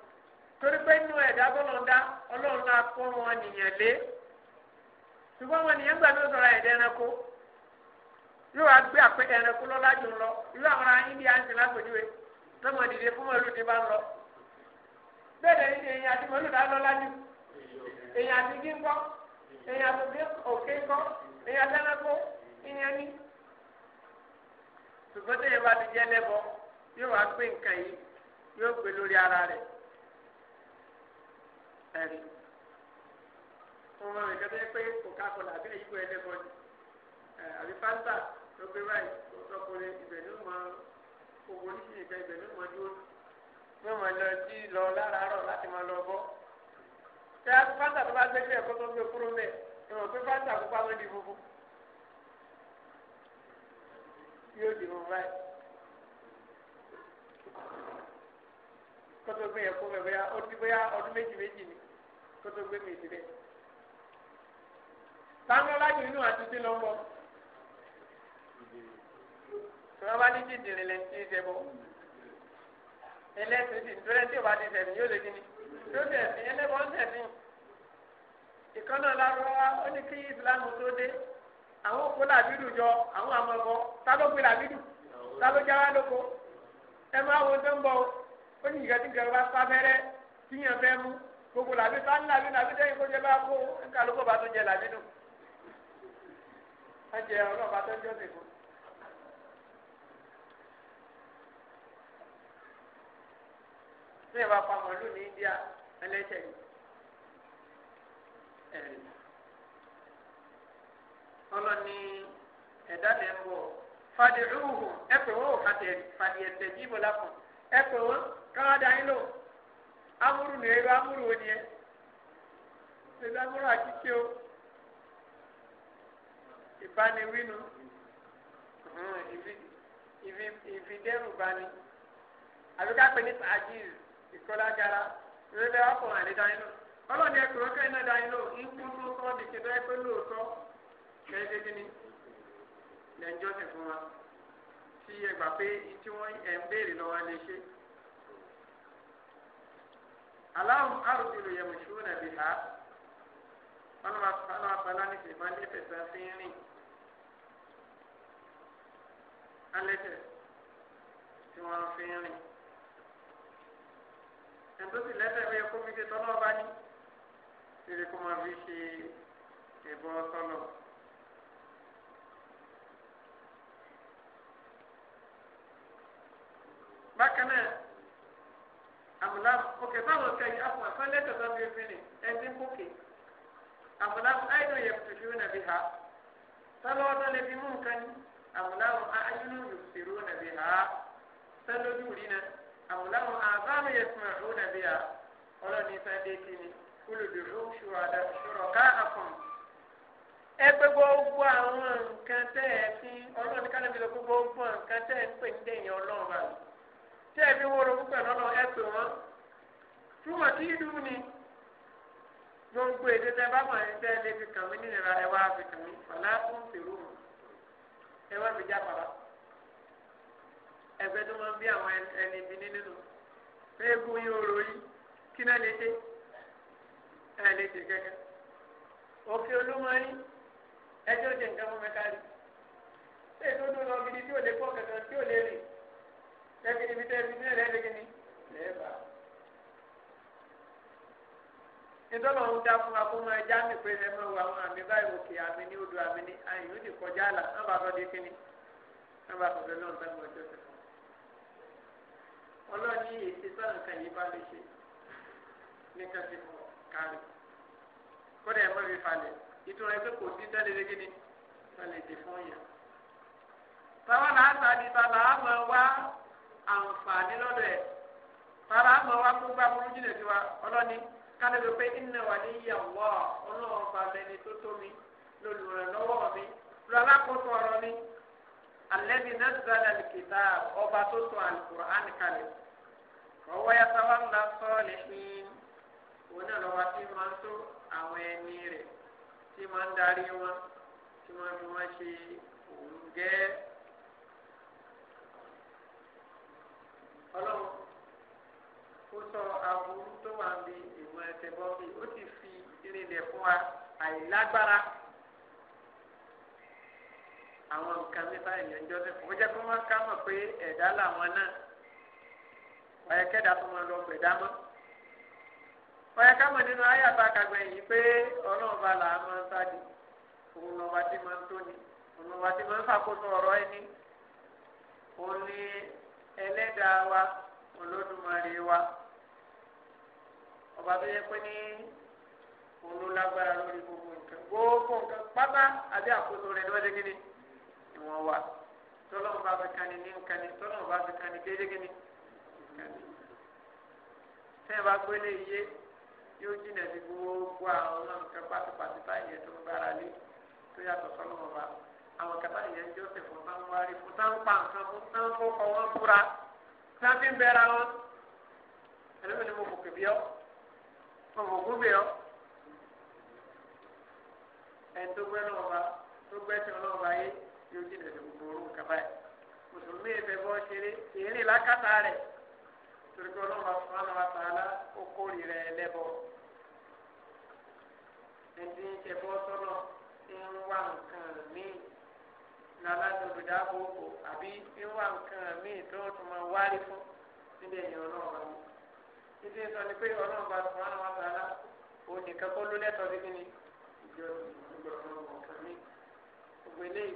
torí pé nínú ẹ̀dá bọ́lọ̀ ọlọ́run náà kó wọn nìyẹn lé ṣùgbọ́n wọn nìyẹn gbà ní òṣòro ẹ̀dá ẹranko yóò wá gbé àpé ẹranko lọ́la jù lọ irú àwọn ará dìde fún bá ń lọ bẹ́ẹ̀ dẹ̀ ní èyàn àti mọ́lù dá lọ́la jù èyàn àti èyàn àti òkè èyàn àti ẹranko ìyẹn ní ṣùgbọ́n tẹ̀yẹ̀ bá ti jẹ́ lẹ́bọ yóò wá gbé nǹkan yìí yóò ẹ̀rí wọn rẹ̀ kẹ́tẹ́ pé coca-cola àbí ẹ̀yíkọ́ ẹlẹ́bọ ni àbí fanta ló gbé báyìí lọ́kùnrin ibẹ̀ ní mọ owó oníṣìṣẹ́ ìka ibẹ̀ ní mọ dúró yóò máa lọ jí lọ láràárọ̀ láti máa lọ bọ́ fanta tó bá gbé sí ẹ̀kọ́ tó gbé kúrò mẹ́ ìwọ̀n pé fanta kó pamọ́ di funfun yóò di báyìí kótó gbé kó bóyá ọdún méjì méjì ni. kó tó gbé mi sílẹ̀. táwọn lájú inú àti tí ló ń bọ̀. wọ́n bá ní dídìrín lẹ́yìn tí ń ṣe bọ́. ẹlẹ́sìn ti dúró tí òbá ti sẹ̀mí yóò lé kí ni. yóò sẹ̀sìn ẹlẹ́bọ̀ ń sẹ̀sìn. ìkànnà lárúbáwá ó ní kí ìsìlámù tó dé. àwọn òkú làbídù jọ àwọn àmọ̀kọ tá ló gbé làbídù tá ló jáwá lóko. ẹ máa wo tó ń bọ̀ ó ní ìgbà tí gẹ̀rọ tíyàn fẹ́ mú gbogbo làbí bá ń làbí làbí dẹ́yìn kó jẹ bá kó nǹkan ló kó bá tó jẹ làbí nù ẹ jẹ ọlọ́ọ̀bá tó ń jọ́ sèkó. ní ìwà pamọ́ lù ní India ẹlẹ́sẹ̀ ẹ̀rì ọlọ́ni ẹ̀dá lẹ̀ ń bọ̀ fàdé rúhù ẹ̀pẹ̀ wọ́n ò lápò ẹ̀pẹ̀ káwá dá lò amúrú ni ebe amúrú wo ni yẹ ebe amúrú àtìkí o ìbániwínu ìfidẹ́rùbani àbí ká pè ní tajiz ìkọlágara ebe ọkùnrin àti dáínú ọlọ́ọ̀ni ẹ̀kọ́ kẹ́hìn náà dáínú ikú tó sọ́ di kí dọ́ẹ́ pé lóòótọ́ kẹ́hìn dídí ni lẹ́njọ́sìn fún wa tí ẹgbà pé tí wọ́n ẹ̀ ń béèrè lọ́wọ́ lè ṣe aláwọ̀ arúgbìlú yẹ mọ̀ṣú nàbí ha fọlọ́mọ afọlá ní sèmá ní fẹsẹ̀ fínrin alẹ́tẹ̀ tí wọ́n fínrin ẹ̀ńtọ́sí lẹ́tẹ̀ bẹ́ẹ̀ kó fi ṣe tọ́lọ́ bá ní ṣeré kó máa fi ṣe ẹ̀bọ tọ́lọ̀. bákan náà. amúnámù òkè táwọn afọ àfẹlẹtọ tó fi fi ni ẹni kókè amúnámù àìdùn yẹ fìfì nàbí ha sálọ́wọ́ tó lè fi mú nǹkan ní amúnámù àyínú yòòfìrú nàbí ha sálọ́dún na amúnámù àbámu yẹ ha ọlọ́ni sáde kìíní olùdòdò ṣùwàdà ṣùrọ̀ká àkùn. ẹ pé gbogbo àwọn nǹkan tẹ́ ẹ fi ọlọ́ni kálọ̀ gbogbo nǹkan tẹ́ ẹ pè ní dẹ̀yìn báyìí. tẹ́ ẹ̀mí wọn lọ púpẹ̀ lọ́nà ẹ̀sùn wọn túmọ̀ tí ìlú ni gbogbo èdè tẹ bá mọ̀ ẹ̀ tẹ́ lé fi kàn mí nìyẹra ẹ wá fi kàn fàlà tó ń tèrú mu fi já tó máa ń bí àwọn ẹni bí nínú kí náà lè dé lè dé òkè tẹ́bi níbi tẹ́bi níbi rẹ̀ lẹ́gbẹ̀ẹ́ ni lẹ́ẹ̀bà. ìtọ́nà ń dá fún wa kó máa já mi pé ẹ̀mọ́ wo àwọn àmì báyìí òkè àmì ní odò àmì ní àyìn ó ti kọjá àlà wọ́n bá tọ́jú kí ni wọ́n bá tọ́jú náà bá mọ̀ ọjọ́ sẹ́kọ̀ọ́. ọlọ́ọ̀ni èsì sọ̀rọ̀ nǹkan yìí bá lè ṣe nìkan ti kọ̀ kárì kódà ẹ̀mọ́ mi falẹ̀ ìtura ẹgbẹ́ kò sí tẹ́lẹ̀ kí ni wọ́n fún yà. táwọn làásà ní ta làá máa wá àǹfààní lọ́dọ̀ ẹ̀ fara àmọ́ wa kó gbá burú jìnnà sí wa ọlọ́ni kálẹ̀ ló pé iná wà ní ìyàwó ọlọ́run balẹ̀ni tó tó mi lolùrànlọ́wọ́ mi lọ́lákòóso ọ̀rọ̀ mi alẹ́bi nazzala al-kitab ọba tó sọ al-Qur'an kalẹ̀ ọwọ́ yàtọ̀ wà ńlá sọ́ọ̀lì hìn òun náà lọ́wọ́ tí máa ń tó àwọn ẹni rẹ̀ tí máa ń darí wọn tí máa fi wọn ṣe òun gẹ́ẹ́. ọlọ́run ó sọ aburú tó wà ń bi ìmọ̀ ẹsẹ̀ bọ́ọ̀lì ó ti fi irinlẹ̀ fún wa àìlágbára àwọn nǹkan mẹ́ta èèyàn jọ ní kò jẹ́ kó wọ́n ká mọ̀ pé ẹ̀dá làwọn náà ọ̀yẹ́ kẹ́dà tó wọn lọ gbẹ̀dá mọ́ ọ̀yẹ́ ká mọ̀ nínú ayé àtàkàgbẹ̀ yìí pé ọlọ́run bá là á mọ̀ ń sáàdì òun lọ́wọ́ tí máa ń tóni òun lọ́wọ́ tí máa ń ṣàkóso ọ̀rọ̀ ẹni òun ní ẹlẹ́dàá wa olódùmarè wa ọba tó yẹ pé ní òun ló lágbára lórí gbogbo nǹkan gbogbo nǹkan pátá àbí àkóso rẹ̀ ni wọ́n ṣe kí ni ìwọ̀n wa tọ́lọ́mù bá fi kan ní ní nǹkan ni tọ́lọ́mù bá fi kan ní déédéé kí ni nǹkan ni tẹ́ẹ̀ bá gbélé iye yóò jìnà sí gbogbo àwọn nǹkan pátápátá yẹn tó ń gbára lé tó yàtọ̀ sọ́lọ́mù bá fi àwọn kaba yẹn tí ó ti fún tán wárí fún tán pa nǹkan fún tán fún ọwọ́ fúra tán fi ń bẹ́ra wọn ẹlẹ́mi ni mo fò kébí ọ́ mo fò gúnbí ọ́ ẹni tó gbẹ́ lọ́wọ́ bá tó gbẹ́ tí ọlọ́wọ́ bá yé yóò jìnnà sí gbogbo orú kaba yẹn mùsùlùmí ìfẹ́ bọ́ ṣeré ìrìn lákàtà rẹ̀ torí pé ọlọ́wọ́ fún wọn wá tààlà ó kórì rẹ̀ lẹ́bọ̀ ẹni tí sọ́nà ń wá nǹkan míì lálátòdò dáàbò bò àbí wíwá nǹkan míì tó tún máa wárí fún níbi ẹ̀yìn ọlọ́run ni. títí sọ ni pé ọlọ́run bá tún wọn wọn tààlà òun nìkan kó ló lẹ́tọ̀ọ́ sí kíni ìjọ ìgbọ̀nrún ọ̀kan mi. gbogbo eléyìí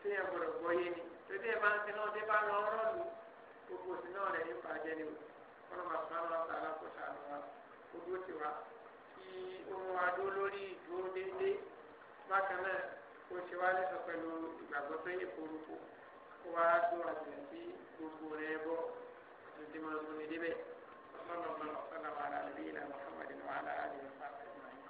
tí ẹ gbọdọ̀ gbọ́ yé ni títí ẹ bá ń sin náà dé bá lọ ọ̀rọ̀ lù gbogbo sí náà rẹ̀ nípa jẹ́ ni ọlọ́run bá tún wọn tààlà kó sàánú wa kó ṣe wá lẹ́sọ̀ pẹ̀lú ìgbàgbọ́ tó yẹ kórópó kó wá tó àjùmọ̀ sí gbogbo rẹ̀ bọ́ àtúntì máa ń gbóni débẹ̀ ọlọ́lọ́lọ́ ọ̀sánàmọ́ ara rẹ̀ bí ìlànà Muhammadu wàhálà àdìyẹ fún àtẹ̀mọ́ yìí.